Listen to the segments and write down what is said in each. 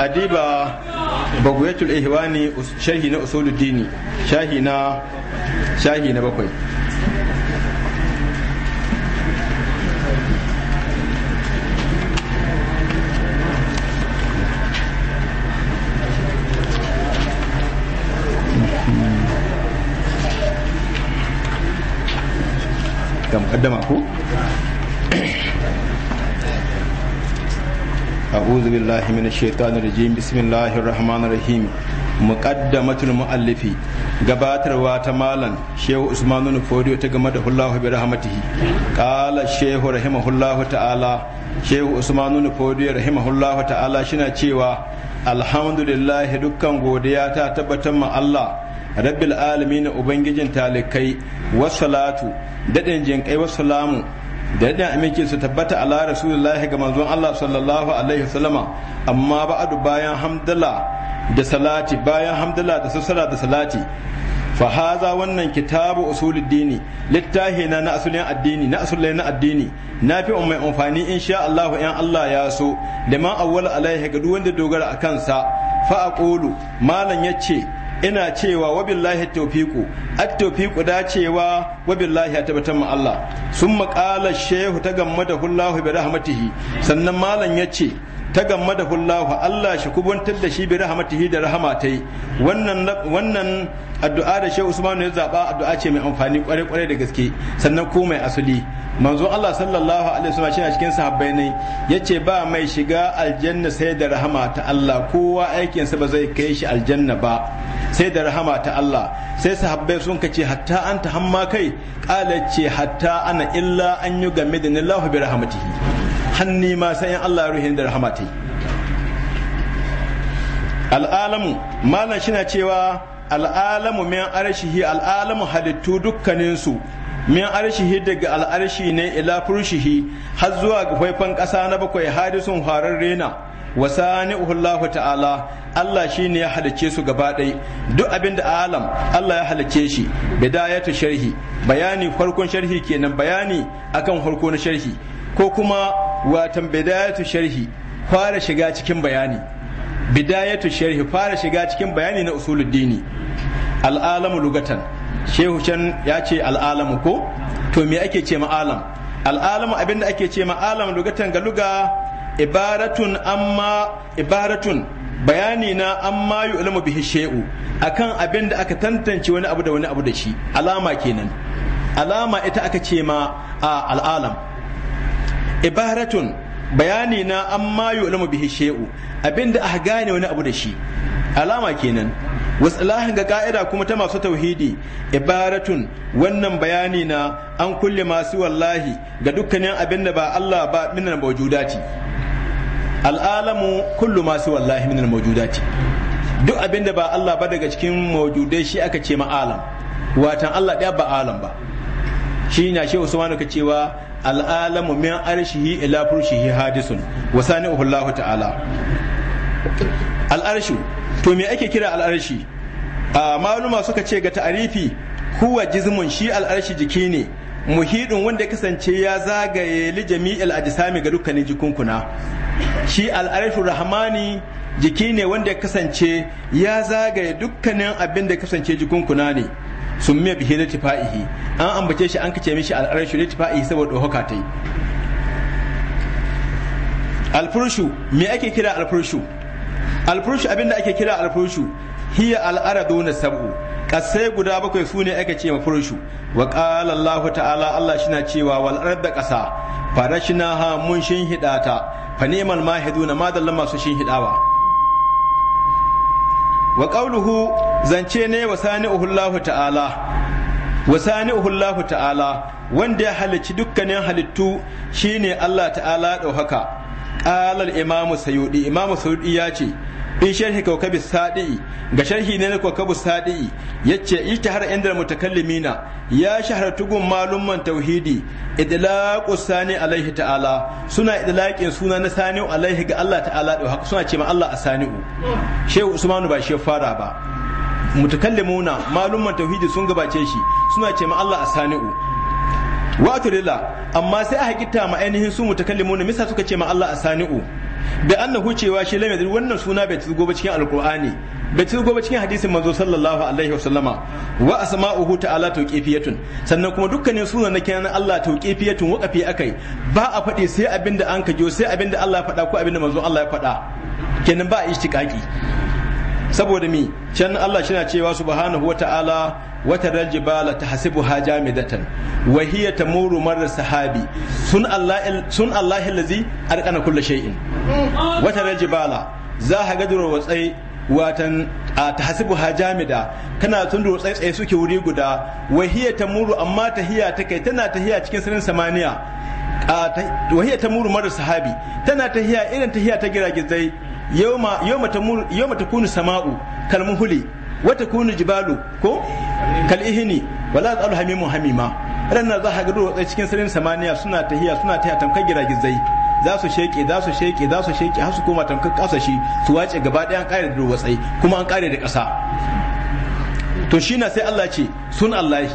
adiba baguyatul ihwani sharhi na usuluddini shahi na shahi na bakwai ga mukaddama ku? أعوذ بالله من الشيطان الرجيم بسم الله الرحمن الرحيم مقدمة المؤلف غباتر واتمالا شيخ عثمان الفوري وتقمده الله برحمته قال الشيخ رحمه الله تعالى شيخ عثمان الفوري رحمه الله تعالى شنا چيوا الحمد لله دكان غوديا تتبتم الله رب العالمين وبنجين تالكي والصلاة ددن جنكي والسلام da yadda ke su tabbata ala rasulullahi ga manzon Allah sallallahu alaihi wasallama amma ba'adu bayan hamdala da salati bayan hamdala da sassara da salati fa haza wannan kitabu usuluddini littahi na asulin addini na asulin na addini na fi mai amfani insha Allah in Allah ya so da ma awwal alaihi ga duk wanda dogara akan sa fa aqulu malan yace ina cewa wabillahi tawfiqu at tawfiqu da cewa wabillahi ya ma Allah sun maƙala shehu ta gamma da hullahu bi rahmatihi sannan malam ya ce ta gamma da hullahu Allah shi kubantar da shi bi rahmatihi da rahmatai wannan wannan addu'a da Shehu Usman ya zaba addu'a ce mai amfani kware kware da gaske sannan ko mai asali manzo Allah sallallahu alaihi wasallam shi cikin sahabbai ne yace ba mai shiga aljanna sai da rahama ta Allah kowa aikin sa ba zai kai shi aljanna ba sai da rahama ta Allah sai sahabbai sun kace hatta anta hamma kai qala ce hatta ana illa an yugamidni Allah bi rahmatihi hanni ma sai in Allah ya ruhin da rahama al'alamu malam shi na cewa al'alamu min arshihi al'alamu halittu dukkaninsu min arshihi daga al'arshi ne ila furshihi har zuwa ga faifan ƙasa na bakwai hadisun harar rena wa sani'uhu ta'ala Allah shi ne ya halicce su gaba duk abin da alam Allah ya halicce shi bidayatu sharhi bayani farkon sharhi kenan bayani akan farko na sharhi ko kuma watan bidayatu sharhi fara shiga cikin bayani bidayatu sharhi fara shiga cikin bayani na usuluddini al'alamu lugatan shehu can ya ce al'alamu ko to me ake ce ma'alam al'alamu abinda ake ce ma'alam lugatan ga luga ibaratun amma ibaratun bayani na amma yu'lamu bihi shay'u akan abin da aka tantance wani abu da wani abu da shi alama kenan alama ita aka ce ma a al'alam ibaratun bayani na an yi ulama bihi shehu abinda aka gane wani abu da shi alama kenan wasilahin ga ka'ida kuma ta masu tauhidi ibaratun wannan bayani na an kulle masu wallahi ga dukkanin abinda ba Allah ba minan mawjudati al'alamu kullu masu wallahi minan mawjudati duk abinda ba Allah ba daga cikin mawjudai shi aka ce ma'alam watan Allah ɗaya ba alam ba shi na shi Usmanu ka cewa al'alamu min arshihi ila furshihi hadisun wasani sani'uhu ta'ala al'arshu to me ake kira al'arshi a maluma suka ce ga ta'arifi huwa jizmun shi al'arshi jiki ne muhidin wanda kasance ya zagaye li jami'il ajsami ga dukkanin jikunkuna shi al'arshu rahmani jiki ne wanda kasance ya zagaye dukkanin abin da kasance jikunkuna ne summiya bihi da tifa'ihi an ambace shi an kace mishi al'arshu da tifa'ihi saboda hoka ta yi alfurshu me ake kira alfurshu alfurshu abinda ake kira alfurshu hiya al'aradu na sab'u kasai guda bakwai su ne aka ce ma furshu wa qala Allahu ta'ala Allah shi na cewa wal arda qasa farashnaha mun shin hidata fa ni'mal mahiduna madallan masu shin hidawa wa ƙauluhu zance ne wa sani'uhu Allah ta'ala wa sani'uhu ta'ala wanda ya halicci dukkanin halittu shine Allah ta'ala ɗaukaka. haka qala imam'u imam imam'u ya ce fi sharhi kawkabi sadi ga sharhi ne na kawkabi sadi yace har inda mutakallimina ya shahara tugun malumman tauhidi idlaqu sani alaihi ta'ala suna idlaqin suna na sani alaihi ga Allah ta'ala da haka suna ce ma Allah asani'u shehu usmanu ba shi fara ba mutakallimuna malumman tauhidi sun gabace shi suna ce ma Allah asani'u wato lilla amma sai a hakita ma ainihin su mutakallimuna misa suka ce ma Allah asani'u bi annahu cewa shi lam wannan suna bai tilgo ba cikin alqur'ani bai tilgo ba cikin hadisin manzo sallallahu alaihi wasallama wa asma'uhu ta'ala tawqifiyatun sannan kuma dukkanin suna na kenan Allah tawqifiyatun waqafi akai ba a fadi sai abinda an kajo sai abinda Allah ya fada ko abinda manzo Allah ya fada kenan ba a ishtiqaqi saboda mi can Allah shi na cewa subhanahu wa ta'ala wata rajibala ta hasibu ha jamidatan wa hiya muru marar sahabi sun Allah sun Allah allazi arqana kulli shay'in wata rajibala za ha gaduro watsai watan a ta hasibu ha jamida kana tun da tsaye suke wuri guda wahiya ta muru amma tahiya ta kai tana ta hiya cikin sirrin samaniya wahiya ta muru mara sahabi tana ta hiya irin ta hiya ta giragizai yawma yawma tamur yawma takunu sama'u kalmuhuli wa jibalu ko kalihini wala zalu hamimu hamima ranar za ka ga duwatsu cikin sararin samaniya suna tahiya suna tahiya tamkar giragizai za su sheke za su sheke za su sheke har su koma tamkar kasashi su wace gaba ɗaya an kare da duwatsai kuma an kare da ƙasa to shi na sai Allah ce sun Allahi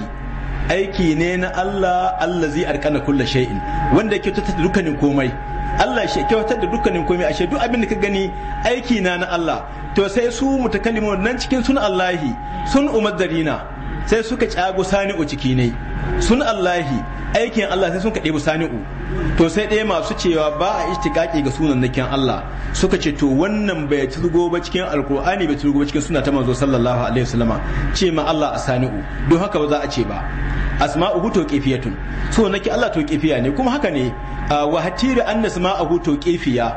aiki ne na Allah Allah zai arkana kulla shay'in wanda yake kyautata dukkanin komai Allah shi kyautar da dukkanin komai ashe duk abin da ka gani aiki na na Allah to sai su mutakallimu nan cikin sun Allahi sun umaddarina sai suka cago sani'u ciki ne sun Allahi aikin Allah sai sun kaɗe sani'u to sai ɗaya masu cewa ba a ishtiƙaƙi ga sunan nakin Allah suka ce to wannan bai turgo ba cikin alkur'ani bai turgo ba cikin suna ta manzo sallallahu alaihi wasallama ce ma Allah a sani'u don haka ba za a ce ba asma'uhu to kifiyatun so naki Allah to kifiya ne kuma haka ne ah, wa hatira anna asma'uhu to kifiya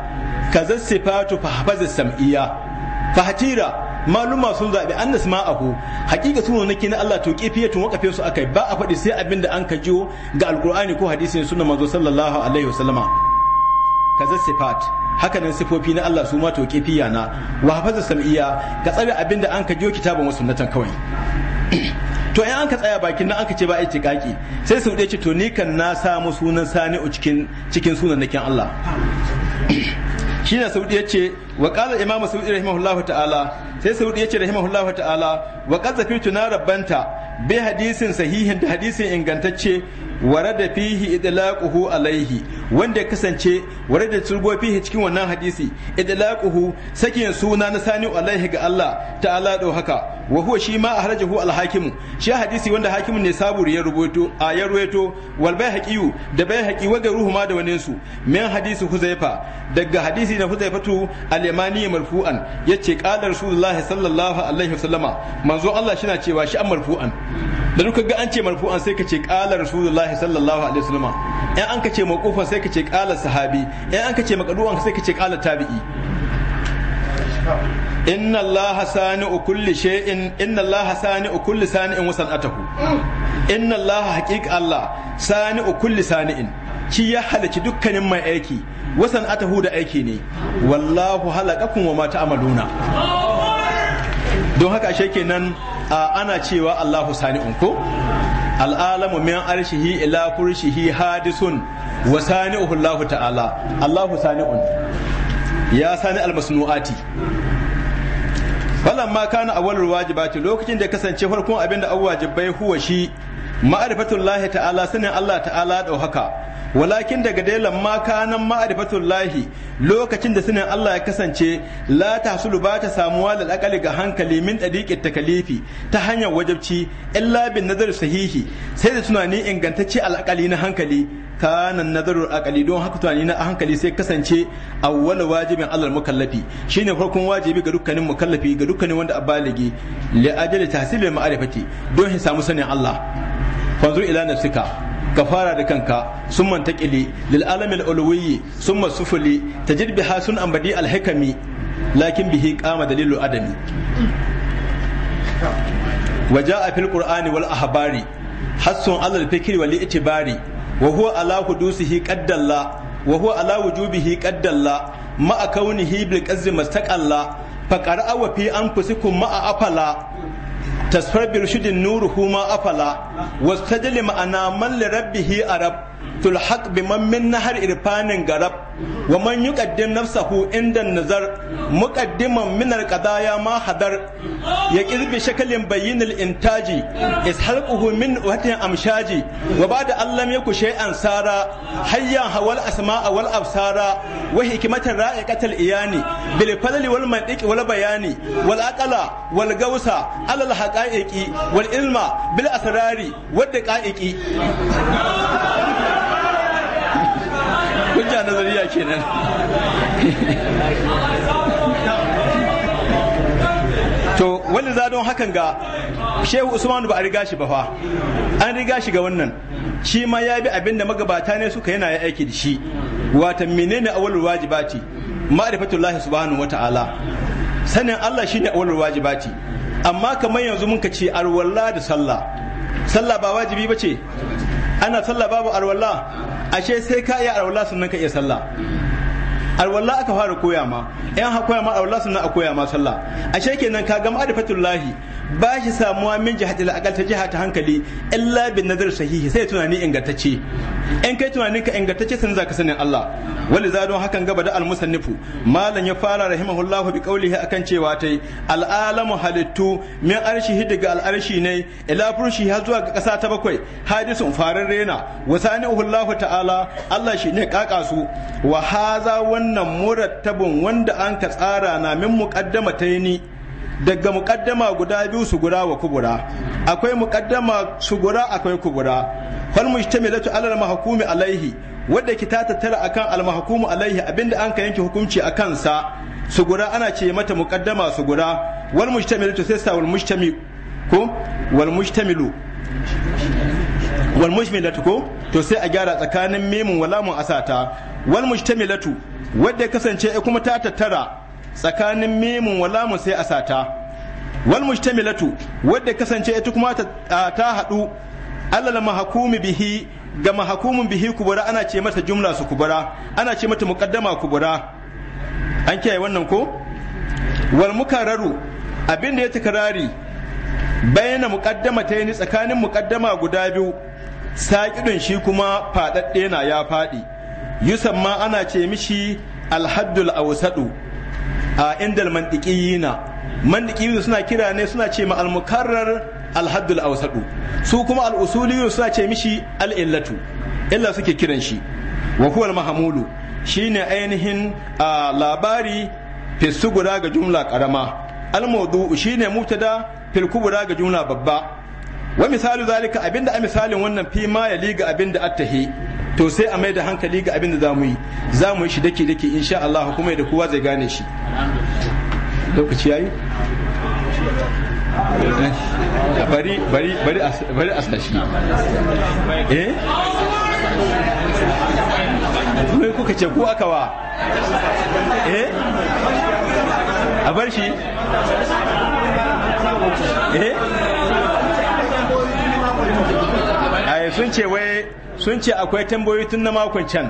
kaza sifatu fa sam'iyya fahatira maluma sun zabi an nasma'ahu hakika sunan nake na Allah to tun wakafin su akai ba a faɗi sai abinda an ka jiwo ga alqur'ani ko hadisin sunan manzo sallallahu alaihi wasallama kaza sifat hakanan sifofi na Allah su ma to kifiya na wa hafaza sam'iya ka tsare abinda an ka jiwo kitabun wasu sunnatan kawai to in an ka tsaya bakin nan ka ce ba a itikaki sai su ce to ni kan na samu sunan sani'u cikin cikin sunan nakin Allah shine saudi ce wa qala imamu saudi rahimahullahu ta'ala sai saudi yace rahimahullahu ta'ala wa qad zafitu na rabbanta bi hadisin sahihin da hadisin ingantacce warada fihi idlaquhu alaihi wanda kasance warada turbo fihi cikin wannan hadisi idlaquhu sakin suna na sani alaihi ga Allah ta'ala do haka wa huwa shi ma ahrajahu alhakim shi hadisi wanda hakimin ne sabur ya rubuto a ya ruwaito wal baihaqi da baihaqi wa garuhu ma da wani su min hadisi huzaifa daga hadisi na huzaifatu al-yamani marfu'an yace qala rasulullah sallallahu alaihi wasallama manzo Allah shi na cewa shi an marfu'an da duka ga an ce marfu'an sai ka ce qala rasulullah rasulullahi sallallahu alaihi wasallam in an kace maqufan sai kace qala sahabi in an kace maqduwan sai kace qala tabi'i inna allaha sani'u kulli shay'in inna allaha sani'u kulli sani'in wa san'atahu inna allah haqiq allah sani'u kulli sani'in ki ya halaki dukkanin mai aiki wa san'atahu da aiki ne wallahu halaqakum wa ma ta'maluna don haka ashe kenan ana cewa Allahu sani'un ko al'alamu min arshihi ila kurshihi hadisun wa sani'uhu Allahu ta'ala Allahu sani'un ya sani almasnu'ati ma kana awwal wajibati lokacin da kasance farkon abinda awwajibai huwa shi ma'rifatullahi ta'ala sanin Allah ta'ala da haka walakin daga dai ma kanan lahi lokacin da sunan Allah ya kasance la sulu ba ta samuwa da aqali ga hankali min ta kalifi ta hanyar wajabci illa bin nazar sahihi sai da tunani ingantacce alakali na hankali kanan nazarul akali don haka tunani na hankali sai kasance awwal wajibin alal mukallafi shine farkon wajibi ga dukkanin mukallafi ga dukkanin wanda abaligi li ajali tahsilil ma'arifati don ya samu sanin Allah fanzur ila nafsika ka fara da kanka sun mantakili lil alamil ulwiyyi summa sufuli tajid biha sun ambadi alhikami lakin bihi qama dalilu adami waja a fil qur'ani wal ahbari hassun alal fikri wal itibari wa huwa ala hudusihi qaddalla wa huwa ala wujubihi qaddalla ma kaunihi bil qazzi mastaqalla fa qara'u fi anfusikum ma afala tasfar birshidin nuru huma ma afala wastajli ma'ana man li rabbihi arab تلحق بمن من نهر إرفان غرب ومن يقدم نفسه عند النظر مقدما من القضايا ما حضر يكذ بشكل بين الإنتاج إسحلقه من وقت أمشاج وبعد أن لم يكن شيئا سارا حيا هو الأسماء والأبصار وحكمة رائقة الإياني بالفضل والمنطق والبيان والأقل والقوس على الحقائق والعلم بالأسرار والدقائق hujja nazariya kenan to wani don hakan ga shehu usmanu ba a riga shi ba fa an riga shi ga wannan shi ma ya bi abinda magabata ne suka yana aiki da shi wata menene awalul wajibati ma'rifatullahi subhanahu wata'ala sanin Allah shine awalul wajibati amma kamar yanzu mun ka ce arwalla da sallah sallah ba wajibi ba ce ana sallah babu arwalla ashe sai ka iya arwalla sannan ka iya sallah alwala aka fara koya ma yan ha koya ma alwala sunna a koya ma sallah ashe kenan ka ga ma'rifatullahi ba shi samuwa min jihatil aqal ta jiha ta hankali illa bin nazar sahihi sai tunani ingantacce in kai tunanin ka ingantacce sun zaka sanin Allah wali zadon hakan gaba da almusannifu malam ya fara rahimahullah bi qawlihi akan cewa tai al-alamu halittu min arshihi daga al-arshi ne ila furshi har zuwa ga kasa ta bakwai hadisun farin rena wasani Allah ta'ala Allah shi ne kaka su wa haza wannan wannan murattabin wanda an ka tsara na min mukaddama ta ni daga mukaddama guda biyu su gura wa kubura akwai mukaddama su gura akwai kubura fal mujtamilatu ala al mahkumi alaihi wadda ki ta tattara akan al mahkumu alaihi abinda an ka yanke hukunci a kansa su gura ana ce mata mukaddama su gura wal mujtamilatu sai wal mujtami ko wal mujtamilu wal mujmilatu ko to sai a gyara tsakanin mimun walamun asata wal mujtamilatu wadda ya kasance kuma ta tattara tsakanin mimun wala sai a sata wal mujtamilatu wadda kasance ita kuma ta haɗu allal mahakumi bihi ga mahakumin bihi kubura ana ce mata jumla su kubura ana ce mata muqaddama kubura an kiyaye wannan ko wal mukararu abin da ya takarari bayyana muqaddama ta yi tsakanin muqaddama guda biyu saƙidun shi kuma faɗaɗɗe na ya faɗi ma ana ce mishi alhaddul awsadu a indal mantiqiyina mantiqiyina suna kira ne suna ce ma almukarrar alhaddul awsadu su kuma alusuliyun suna ce mishi al'illatu illa suke kiran shi wa huwa almahmulu shine ainihin labari fisu guda ga jumla karama almawdu shine mubtada fil kubra ga jumla babba wa misalu zalika abinda a misalin wannan fi ma ya liga abinda attahi to sai a mai da hankali ga abin da za mu yi za mu yi shi dake dake insha Allah kuma da kowa zai gane shi lokaci yayi bari bari bari bari a sashi eh me kuka ce ko aka wa eh a bar shi eh Eh, sun ce wai sun ce akwai tambayoyi tun na makon can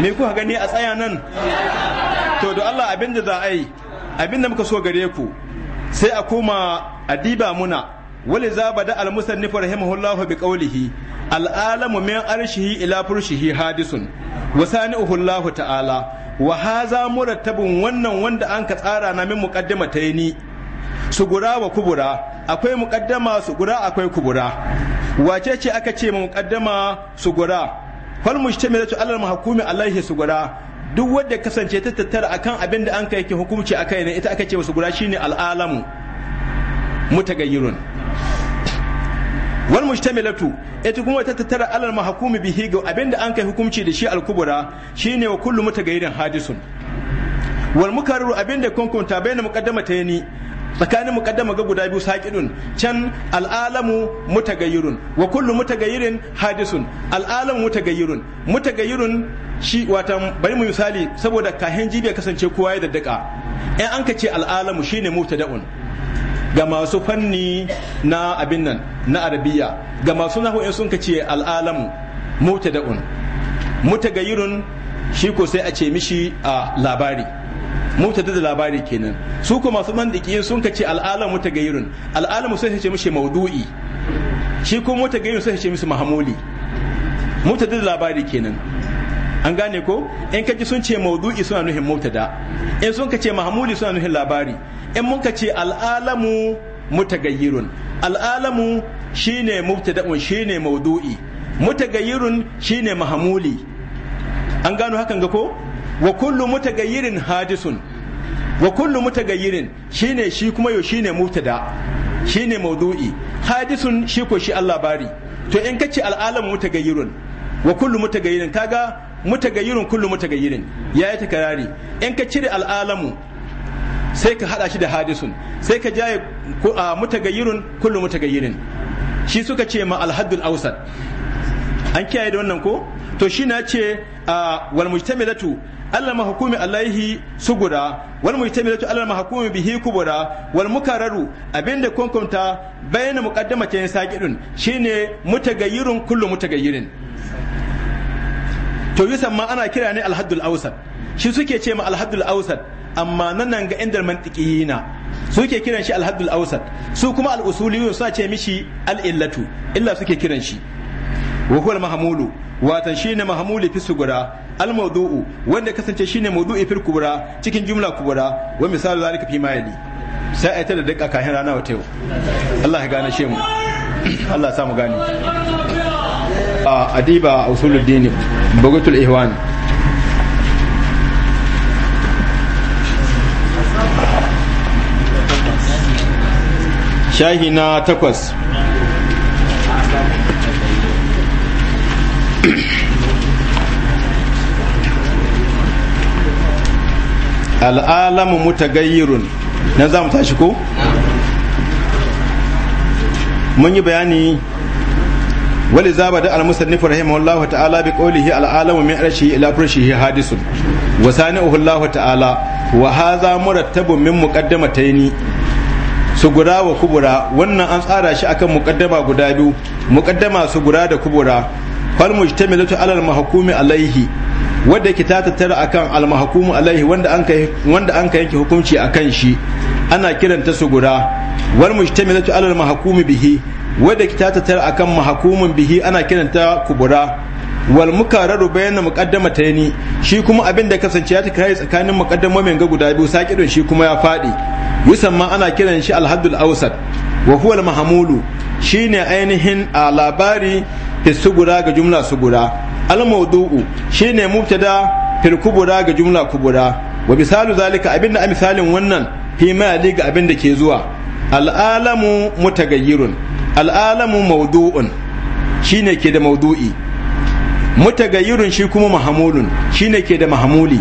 me kuka gani a tsaya nan to da Allah abin da za a yi abin da muka so gare ku sai a koma a diba muna wali za bada al-musannif rahimahullahu bi qawlihi al'alamu min arshihi ila furshihi hadisun wa sani'uhu ta'ala wa haza murattabun wannan wanda an ka tsara na min ni sugura wa kubura akwai su sugura akwai kubura wace ce aka ce su sugura fal mujtamilatu alal mahkumi alaihi sugura duk wanda kasance ta tattara akan abin da an kai yake hukunci akai ne ita aka ce sugura shine al'alamu mutagayyirun wal mujtamilatu ita kuma ta tattara alal mahkumi bihi ga abin da an kai hukunci da shi al kubura shine wa kullu mutagayyirin hadisun wal abin da kunkunta bayan muqaddama ta yani tsakanin mukaddama ga guda biyu saqidun can al'alamu mutagayyirun wa kullu mutagayyirin hadisun al'alamu mutagayyirun mutagayyirun shi watan bari mu misali saboda kahin jibi ya kasance kowa ya daddaka in an ka ce al'alamu shine mutada'un ga masu fanni na abin nan na arabiya ga masu nahu in sun ka ce al'alamu mutada'un mutagayyirun shi ko sai a ce mishi a labari mubtada da labari kenan su ko masu mandiki sun ka ce al'alamu gairun al'alamu sai ce mishi maudu'i shi ko gairun sai ce mishi mahamuli mubtada da labari kenan an gane ko in kaji sun ce maudu'i suna nuhin da in sun ka ce mahamuli suna nuhin labari in mun ka ce al'alamu mutagayyirun al'alamu shine mubtada'un shine maudu'i mutagayyirun shine mahamuli an gano hakan ga ko wa kullu mutagayyirin hadisun wa kullu mutagayyirin shine shi kuma yo shine mubtada shine mawdu'i hadisun shi ko shi Allah bari to in kace al'alamu mutagayyirun wa kullu mutagayyirin kaga mutagayyirun kullu mutagayyirin yayi takarari in ka cire al'alamu sai ka hada shi da hadisun sai ka jaye mutagayyirun kullu mutagayyirin shi suka ce ma alhaddul awsat an kiyaye da wannan ko to shi na ce wal mujtamilatu Allah mahukumi alaihi su guda wal mujtamilatu Allah mahkumi bihi kubura wal mukarraru abinda kunkunta bayyana ke saqidun shine mutagayyirun kullu mutagayyirin to yusan ma ana kira ne alhaddul awsat shi suke ce ma alhaddul awsat amma nan ga inda mantiqiyina suke kiran shi alhaddul awsat su kuma al-usuliyun suna ce mishi al-illatu illa suke kiran shi wa huwa watan shine mahmuli fi sugura al mawdu'u wanda kasance shine mawdu'i fil kubra cikin jumla kubra wa misalu zalika fi ma yali sai ayata da dakka kahin rana wata yau Allah ya gane shemu Allah ya samu gane a adiba usuluddin bugatul ihwan shahi na takwas al'alamu mutagayyirun na za mu tashi ko? mun yi bayani wali zaba da al-musannif rahimahullahu ta'ala bi qawlihi al-alamu min arshihi ila furshihi hadisun wa sani'uhu Allah ta'ala wa hadha murattabun min muqaddamataini su guda wa kubura wannan an tsara shi akan muqaddama guda biyu muqaddama su guda da kubura fal mujtamilatu ala mahkumi alaihi wanda ta tattara akan al mahkumu alaihi wanda an kai wanda an yanke hukunci akan shi ana kiranta su guda wal mujtamilatu ala mahkumi bihi wanda ta tattara akan mahkumin bihi ana kiranta kubura wal mukararu bayan muqaddama tayni shi kuma abin da kasance ya takai tsakanin muqaddamomin ga guda biyu sakidin shi kuma ya fadi yusamma ana kiran shi al haddul awsat wa huwa al shine ainihin a labari fi sugura ga jumla sugura al mawdu'u shine mubtada fil kubura ga jumla kubura wa misalu zalika abinda a misalin wannan fi ma ga abinda ke zuwa al'alamu mutagayyirun al'alamu mawdu'un shine ke da mawdu'i mutagayyirun shi kuma mahamulun shine ke da mahamuli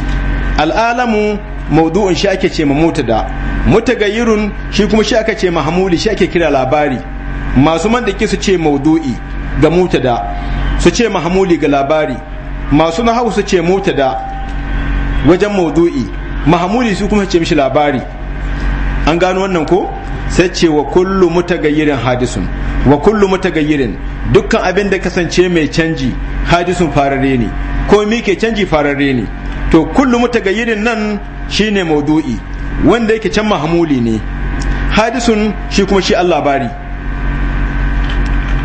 al'alamu mawdu'un shi ake ce mamutada mutagayyirun shi kuma shi ake ce mahamuli shi ake kira labari masu mantiki su ce mawdu'i ga mutada su ce mahamuli ga labari masu nahawu su ce mutada wajen maudu'i mahamuli su kuma ce mishi labari an gano wannan ko sai ce wa kullu mutagayyirin hadisun wa kullu mutagayyirin dukkan abin da kasance mai canji hadisun farare ne ko mi ke canji farare ne to kullu mutagayyirin nan shine maudu'i wanda yake can mahamuli ne hadisun shi kuma shi Allah bari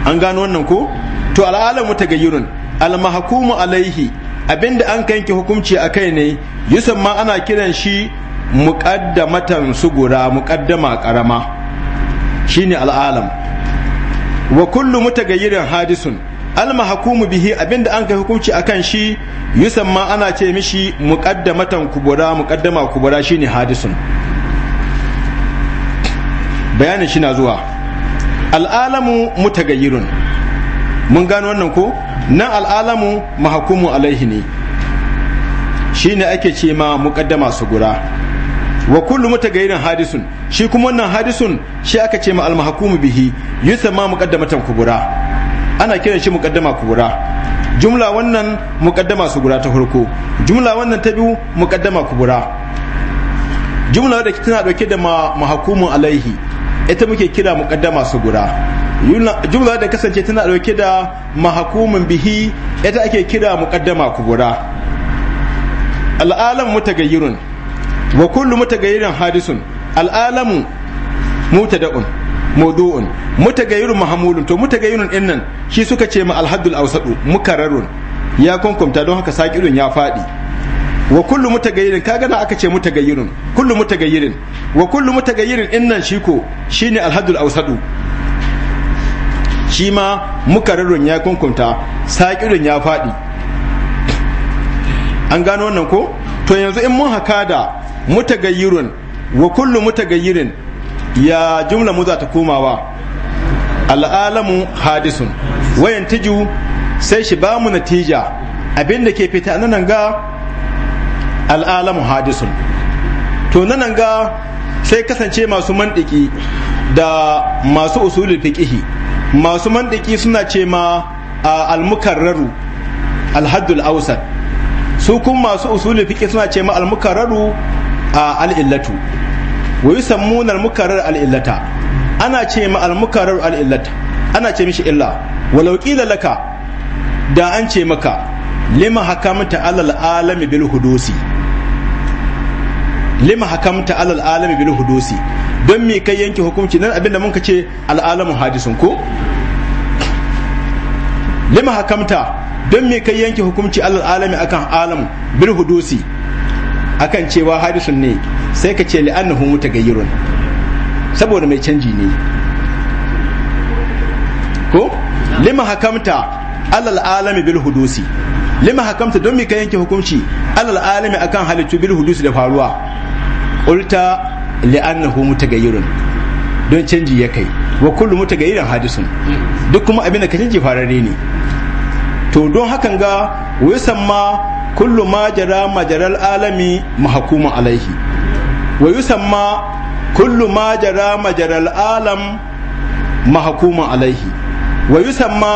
an gano wannan ko to al'alamu tagayyurun al-mahkumu alaihi abinda an yanke hukunci a kai ne ma ana kiran shi muqaddamatan sugura muqaddama karama shine al'alam wa kullu mutagayyirin hadisun al bihi abinda an kai hukunci akan shi ma ana ce mishi muqaddamatan kubura muqaddama kubura shine hadisun bayanin shi na zuwa al'alamu mutagayyirun mun gano wannan ko nan al'alamu mahakumu alaihi ne shine ake ce ma su gura wa kullu mutagayyirin hadisun shi kuma wannan hadisun shi aka ce ma al mahkumu bihi yusamma muqaddamatan kubura ana kiran shi muqaddama kubura jumla wannan muqaddama gura ta farko jumla wannan ta biyu muqaddama kubura jumla da kitana dauke da mahkumu alaihi ita muke kira muqaddama su guda jumla da kasance tana dauke da mahkumin bihi ita ake kira muqaddama ku guda al'alam mutagayyirun wa kullu mutagayyirin hadisun al'alamu mutada'un mawdu'un mutagayyirun mahmulun to mutagayyirun innan nan shi suka ce ma alhaddul awsadu mukararun ya kunkumta don haka sakirun ya fadi wa kullu mutagayyirin kaga gana aka ce mutagayyirin kullu mutagayyirin wa kullu mutagayyirin innan shi ko shine alhadul ausadu shi ma mukarrarun ya kunkunta saƙirin ya faɗi an gano wannan ko to yanzu in mun haka da mutagayyirun wa kullu mutagayyirin ya jumla mu za ta komawa al'alamu hadisun wayan tiju sai shi ba mu natija abinda ke fita nan ga al'alamu hadisun to nan ga sai kasance masu mandiki da masu usulul fiqihi masu mandiki suna ce ma al-mukarraru al-haddul awsat su kuma masu usulul fiqihi suna ce ma al-mukarraru al-illatu wa yusammuna al-mukarrar al-illata ana ce ma al-mukarrar al-illata ana ce mishi illa walau qila laka da an ce maka lima hakamta alal alami bil hudusi lima hakamta alal alami bil hudusi don me kai yanke hukunci nan abinda mun ce al'alamu hadisun ko lima hakamta don me kai yanke hukunci alal alami akan alam bil hudusi akan cewa hadisun ne sai ka ce li'annahu mutagayyirun saboda mai canji ne ko lima hakamta alal alami bil hudusi lima hakamta don me kai yanke hukunci alal alami akan halittu bil hudusi da faruwa ulta li'annahu mutagayyirun don canji ya kai wa kullu mutagayyirin hadisun duk kuma abin da ka canji fararre ne to don hakan ga wasan ma kullu ma jara majaral alami mahkumun alaihi wa ma kullu ma jara majaral alam mahkumun alaihi wa ma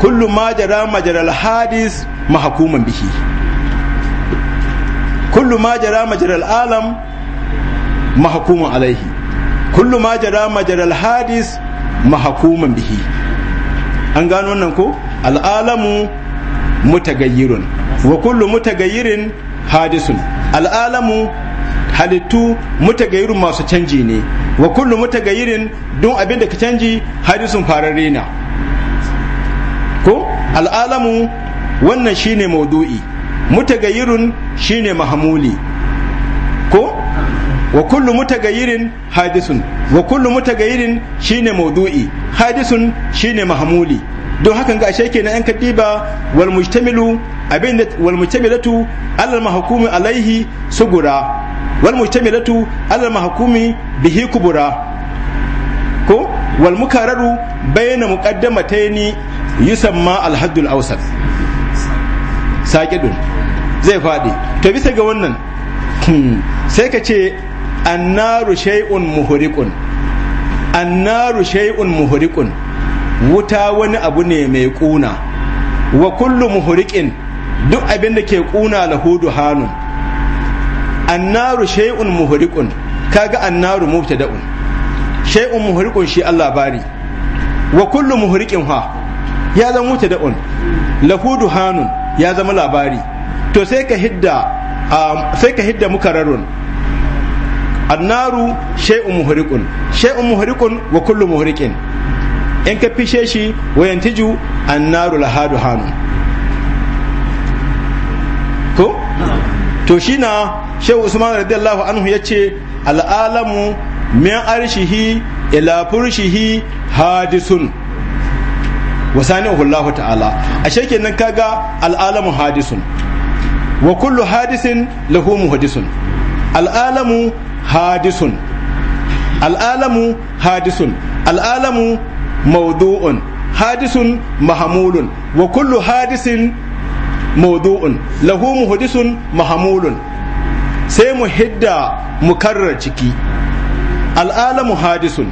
kullu ma jara majaral hadis mahkuman bihi kullu ma jara majaral alam mahakuma alaihi kullu ma jara majaral hadis mahakuma bihi an gano nan ko al'alamu mutagayyirun wa kullu mutagayyirin hadisun al'alamu halittu mutagayyirun masu canji ne wa kullu mutagayyirin don abin da ka canji hadisun farare na ko al'alamu wannan shine maudu'i mutagayyirun shine mahamuli ko wa kullu mutagayyirin hadisun wa kullu mutagayyirin shine maudu'i hadisun shine mahmuli don hakan ga ashe kenan an kadiba wal mujtamilu abinda wal mujtamilatu alal mahkumi alaihi sugura wal mujtamilatu alal mahkumi bihi kubura ko wal mukararu bayna muqaddamataini yusamma al haddul awsat saqidun zai fadi to bisa ga wannan hmm, sai ka ce annaru shay'un muhriqun annaru shay'un muhriqun wuta wani abu ne mai kuna wa kullu muhriqin duk abin da ke kuna lahudu hanun annaru shay'un muhriqun kaga annaru mubtada'un shay'un muhriqun shi Allah bari wa kullu muhriqin ha ya zama mubtada'un lahudu hanun ya zama labari to sai ka hidda ah, sai ka hidda mukararun annaru shay'un muhriqun shay'un muhriqun wa kullu muhriqin in ka fishe shi tiju annaru lahadu hanu ko to shi na usman radiyallahu anhu ya ce al'alamu min arshihi ila furshihi hadisun wasani Allah ta'ala ashe kenan kaga al'alamu hadisun wa kullu hadisin lahu muhdisun al'alamu hadisun al'alamu hadisun al'alamu maudu'un hadisun mahamulun wa kullu hadisin maudu'un lahu muhdisun mahamulun sai mu hidda mukarrar ciki al'alamu hadisun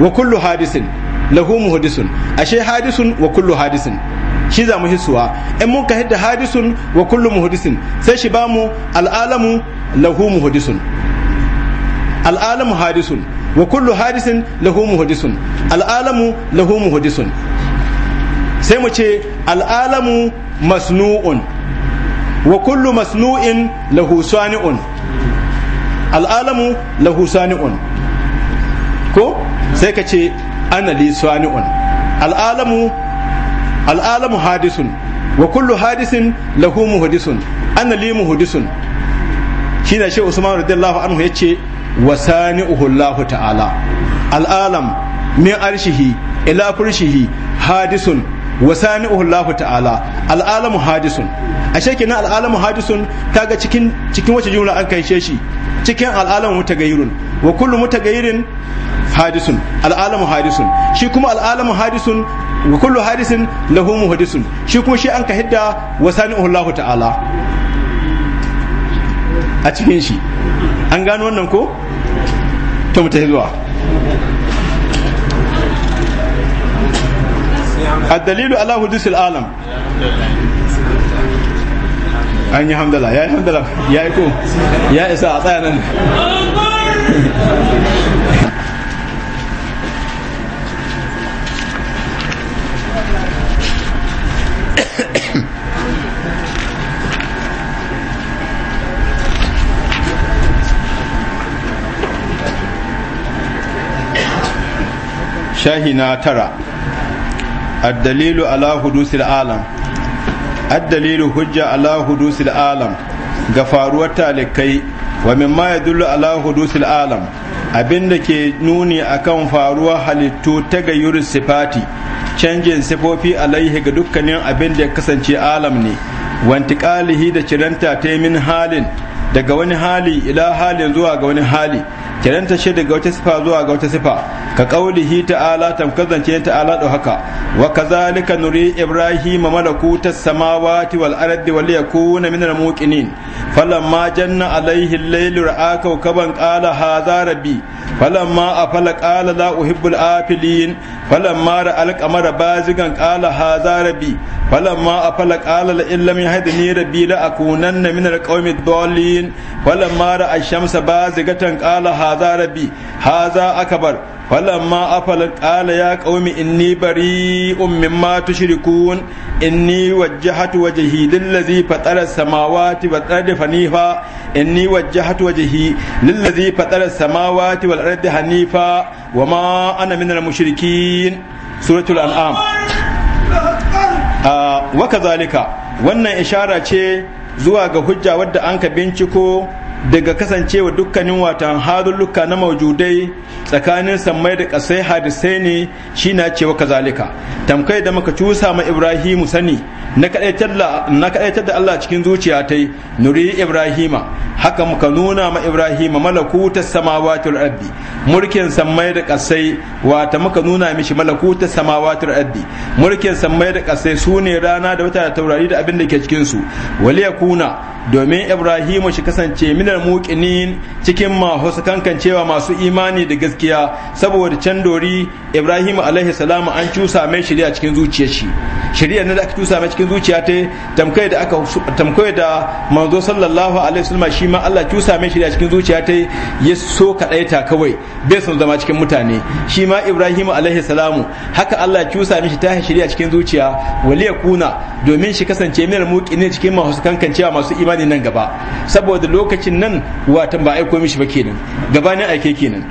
wa kullu hadisin lahu muhdisun ashe hadisun wa kullu hadisin shi za mu hisuwa in mun ka hidda hadisun wa kullu muhdisin sai shi bamu al'alamu lahu muhdisun al'alamu hadisun wa kullu hadisin lahu muhadisun al'alamu lahu muhadisun sai mu ce al'alamu masnu'un wa kullu masnu'in lahu sani'un al'alamu lahu sani'un ko sai ka ce ana li sani'un al'alamu al'alamu hadisun wa kullu hadisin lahu muhadisun ana li muhadisun shine shi Usman radiyallahu anhu yace wa sani'uhu Allah ta'ala al'alam min arshihi ila furshihi hadisun wa sani'uhu Allah ta'ala al'alamu hadisun ashe kenan al'alamu hadisun kaga cikin cikin wace jumla an kai shi cikin al'alam mutagayirun wa kullu mutagayirin hadisun al'alamu hadisun shi kuma al'alamu hadisun wa kullu hadisin lahu muhadisun shi kuma shi an ka hidda wa sani'uhu Allah ta'ala a cikin shi an gano wannan ko ta mu zuwa الدليل على an yi hamdala ya yi hamdala ya yi ko ya isa a tsayanan shahi na tara addalilu ala hudusil alam addalilu hujja ala hudusil alam ga faruwar talikai wa mimma ya dullu ala hudusil alam abinda ke nuni akan faruwar halittu ta ga sifati canjin sifofi alaihi ga dukkanin abinda ya kasance alam ne wantikalihi da ciranta ta min halin daga wani hali ila halin zuwa ga wani hali kiranta shi daga wata sifa zuwa ga wata sifa ka kaulihi ta'ala tamkazance ta'ala do haka wa kazalika nuri ibrahima malakuta samawati wal ardi wal yakuna minal muqinin falamma janna alaihi al-layl ra'a kawkaban qala hadha rabbi falamma afala qala la uhibbul afilin falamma ra'a al-qamara bazigan qala hadha rabbi falamma afala qala la in lam yahdini rabbi la akunanna minal qawmi ad-dallin falamma ra'a ash-shamsa bazigatan qala haza rabbi haza akbar falamma afala qala ya qaumi inni bari'un tushrikun inni wajhi lillazi fatara samawati wal ardi hanifa inni wajhi lillazi fatara samawati wal ardi hanifa wama ana mushrikin suratul an'am wa wannan ishara ce zuwa ga hujja wadda an ka binciko daga kasancewa dukkanin watan hadulluka na maujudai tsakanin sammai da kasai hadisai ne shi na cewa kazalika tamkai da muka cusa ma ibrahimu sani na kadaitar da Allah cikin zuciya ta nuri ibrahima haka muka nuna ma ibrahima malakuta samawatul rabbi mulkin sammai da kasai wata muka nuna mishi malakuta samawatul rabbi mulkin sammai da kasai su ne rana da wata da taurari da abin da ke cikinsu. su ya kuna domin ibrahimu shi kasance min minal muqinin cikin masu kankancewa masu imani da gaskiya saboda can dori Ibrahim alaihi salamu an cusa mai shari'a cikin zuciyar shi shari'a ne da aka cusa mai cikin zuciya ta tamkai da aka tamkai da manzo sallallahu alaihi wasallam shi ma Allah cusa mai shari'a cikin zuciya ta ya so ta kawai bai san zama cikin mutane shi ma Ibrahim alaihi salamu haka Allah cusa mishi ta shari'a cikin zuciya kuna domin shi kasance minal muqinin cikin masu kankancewa masu imani nan gaba saboda lokacin aikin nan watan ba aiko mishi ba kenan gabanin aike kenan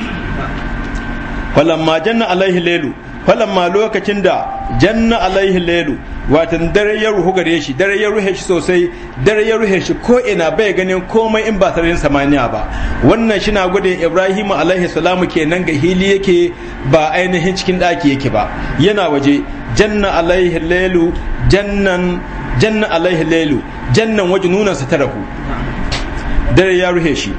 falamma janna alaihi lailu falamma lokacin da janna alaihi lailu watan dare ya ruhu gare shi dare ya ruhe shi sosai dare ya ruhe shi ko ina bai ganin komai in ba sararin samaniya ba wannan shi na gudun ibrahim alaihi salamu kenan ga hili yake ba ainihin cikin ɗaki yake ba yana waje janna alaihi lailu jannan jannan alaihi lailu jannan waje nunansa ta rahu dare ya ruhe shi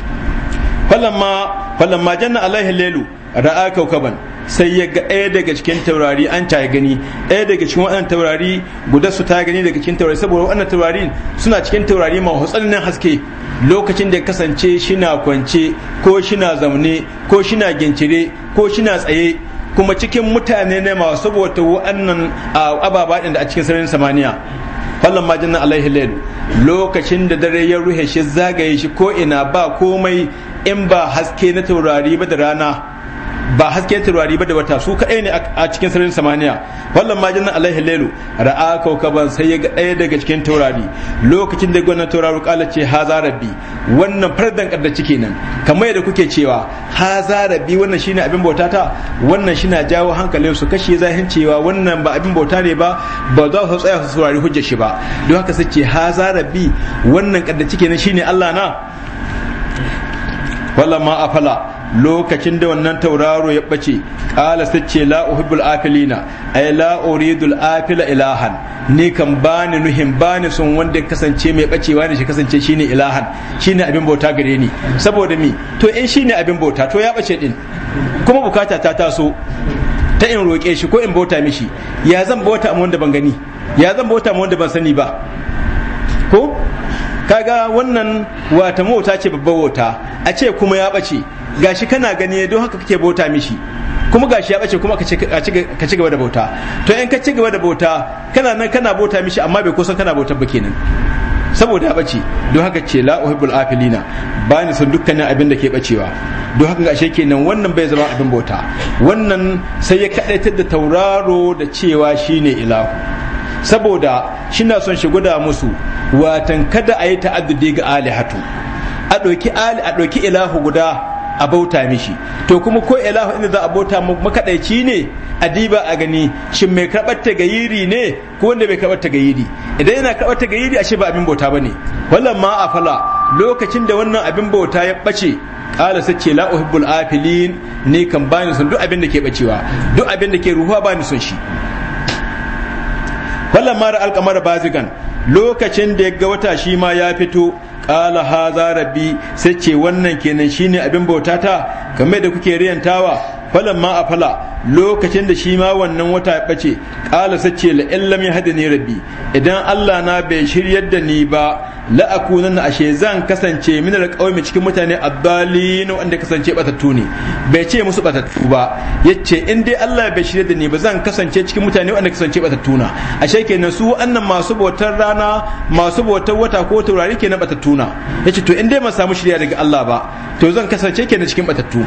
falamma falamma janna alaihi lailu ra'a kaukaban sai ya ga ɗaya daga cikin taurari an ta gani ɗaya daga cikin waɗannan taurari guda su ta gani daga cikin taurari saboda waɗannan taurari suna cikin taurari masu tsananin haske lokacin da kasance shina kwance ko shina zaune ko shina gincire ko shina tsaye kuma cikin mutane ne ma saboda waɗannan ababa da a cikin sararin samaniya fallan majin na alaihi layl lokacin da dare ya ruhe shi zagaye shi ko ina ba komai in ba haske na taurari ba da rana ba hasken turwari ba da wata su kadai ne a cikin sararin samaniya wallan ma jannan alaihi lailu ra'a kaukaban sai ya ga ɗaya daga cikin taurari lokacin da wannan tauraro kala ce haza rabbi wannan fardan kadda cike nan kamar yadda kuke cewa haza rabbi wannan shine abin bauta ta wannan shine jawo hankalin su kashe zahin cewa wannan ba abin bauta ne ba ba za su tsaya su saurari hujjar shi ba don haka sai ce haza rabbi wannan kadda cike nan shine Allah na Wala ma afala lokacin da wannan tauraro ya bace qala sace la uhibbul afilina ay la uridul afila ilahan ni kan bani nuhin bani sun wanda kasance mai bacewa ne shi kasance shine ilahan shine abin bauta gare ni saboda mi to in shine abin bauta to ya bace din kuma bukata ta taso ta in roƙe shi ko in bauta mishi ya zan bauta mu wanda ban gani ya zan bauta mu wanda ban sani ba ko kaga wannan wata mota ce babbar wata a ce kuma ya ɓace gashi kana gani don haka kake bauta mishi kuma gashi ya ɓace kuma ka ci gaba da bauta to in ka ci gaba da bauta kana nan kana bauta mishi amma bai kusan kana bautar ba kenan saboda ya ɓace don haka ce la uhibbul afilina ba ni son dukkanin abin da ke ɓacewa don haka ashe kenan wannan bai zama abin bauta wannan sai ya kaɗaitar da tauraro da cewa shine ilahu saboda shi na son shi guda musu watan kada a yi ta'addudi ga alihatu a ɗauki ali a ɗauki ilahu guda a bauta mishi to kuma ko ilahu inda za a bauta makaɗaici ne a diba a gani shin mai karɓar tagayiri ne ko wanda bai karɓar tagayiri idan yana karɓar tagayiri shi ba abin bauta bane wallan ma a fala lokacin da wannan abin bauta ya ɓace ƙala sai ce la'u uhibbul afilin ni kan bani son duk abin da ke ɓacewa duk abin da ke ruhuwa bani son shi wallan mara alkamar bazigan lokacin da ya ga wata shi ma ya fito qala hadha rabbi sai ce wannan kenan shine abin bautata kamar da kuke riyantawa falan ma afala lokacin da shi ma wannan wata ya bace qala sace la illam yahdini rabbi idan Allah na bai shiryar da ni ba la na ashe zan kasance min da alqawmi cikin mutane addalin wanda kasance batattu ne bai ce musu batattu ba yace in dai Allah bai shiryar da ni ba zan kasance cikin mutane wanda kasance batattu na ashe kenan su annan masu bautar rana masu bautar wata ko taurari kenan batattu na yace to in dai ban samu shirya daga Allah ba to zan kasance kenan cikin batattu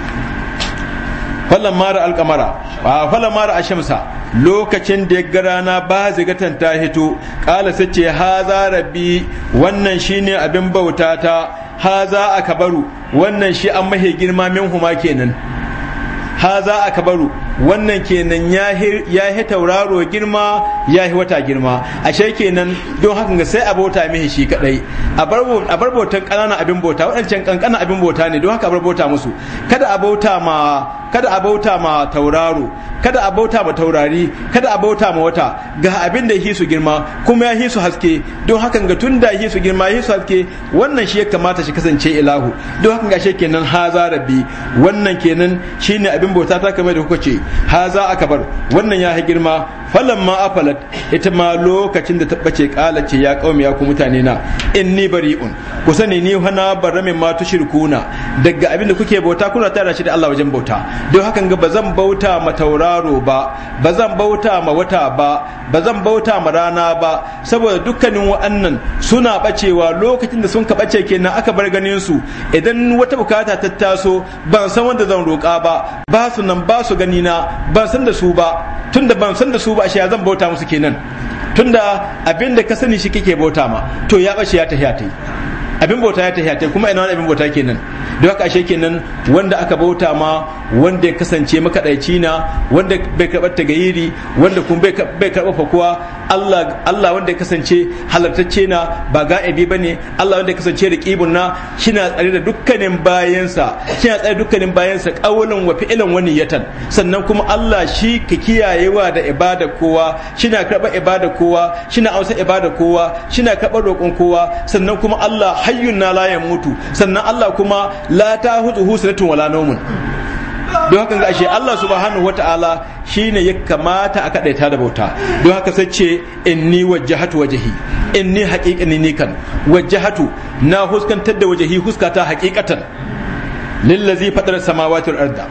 falan mara alkamara a falan mara a lokacin da ya ga rana ba zigatan ta hito kala sace ce haza rabbi wannan shine abin bauta ta haza akabaru wannan shi an mahe girma min huma kenan Ha haza akabaru wannan kenan ya ya tauraro girma ya yi wata girma ashe kenan don hakan ga sai a bauta shi kadai a bar bautan kanana abin bauta waɗancan kankana abin bauta ne don haka a bar bauta musu kada a bauta ma kada a bauta ma tauraro kada a bauta ma taurari kada a bauta ma wata ga abin da yi su girma kuma ya yi su haske don hakan ga tun da yi su girma ya yi su haske wannan shi ya kamata shi kasance ilahu don hakan ga shi kenan haza rabbi wannan kenan shine abin bauta ta kamar da kuka ce haza akabar wannan ya yi girma falamma ma afalat ita ma lokacin da ta bace kala ce ya kaumi ya ku mutane na inni bari'un ku sani ni hana baramin ma tushrikuna daga abin da kuke bauta kuna tara shi da Allah wajen bauta don hakan ga bazan bauta ma tauraro ba bazan bauta ma wata ba bazan bauta ma rana ba saboda dukkanin wa'annan suna bacewa lokacin da sun ka bace kenan aka bar ganin su idan wata bukata ta taso ban san wanda zan roƙa ba ba su nan ba su ganina ban san da su ba tunda ban san da su ba ashe zan bauta musu kenan tunda abin da ka sani shi kike bauta ma to ya bace ya tafi ta yi abin bauta ya tahiya kuma ina wani abin bauta kenan don haka ashe kenan wanda aka bauta ma wanda ya kasance makadaici na wanda bai karbar tagayiri wanda kuma bai karbar fakuwa Allah Allah wanda ya kasance halartacce na ba ga'ibi bane Allah wanda ya kasance da kibun na kina tsare da dukkanin bayansa kina tsare dukkanin bayansa kawulin wa fi'lan wani yatan sannan kuma Allah shi ka kiyayewa da ibada kowa shina karbar ibada kowa shina ausa ibada kowa shina karbar roƙon kowa sannan kuma Allah hayyun na la yamutu sannan Allah kuma la ta tahuzuhu sanatun wala nawmun don haka ashe Allah subhanahu wata'ala shine ya kamata a kadaita da bauta don haka sai ce inni wajjahatu wajhi inni haqiqani ni kan wajjahatu na huskantar da wajhi huskata haqiqatan lillazi fadar samawati da arda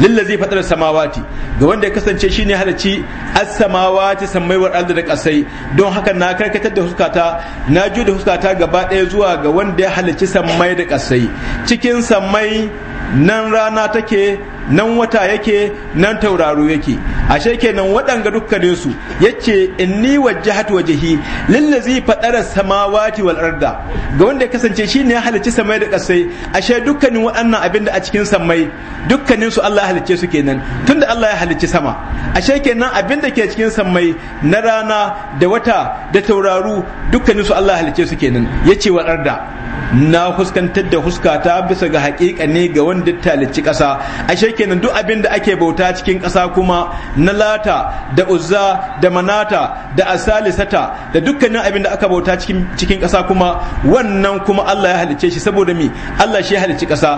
lillazi fadar samawati ga wanda ya kasance shine halacci as samawati sammai arda da kasai don haka na karkatar da huskata na juda da huskata gaba daya zuwa ga wanda ya halacci sammai da kasai cikin sammai nan rana take nan wata yake nan tauraro yake ashe kenan waɗanga dukkanin su yace inni wajjahat wajhi lillazi fadara samawati wal arda ga wanda ya kasance shine ya halicci samai da kasai ashe dukkanin waɗannan abinda a cikin samai dukkanin su Allah ya halicce su kenan tunda Allah ya halicci sama ashe kenan abinda ke cikin samai na rana da wata da tauraro dukkanin su Allah ya halicce su kenan yace wal arda na huskantar da huskata bisa ga hakika ne ga wanda talici ƙasa sheke kenan duk abin da ake bauta cikin ƙasa kuma na lata da uzza da manata da asalisata da dukkanin abin da aka bauta cikin cikin ƙasa kuma wannan kuma Allah ya halicce shi saboda mi Allah shi ya halicci ƙasa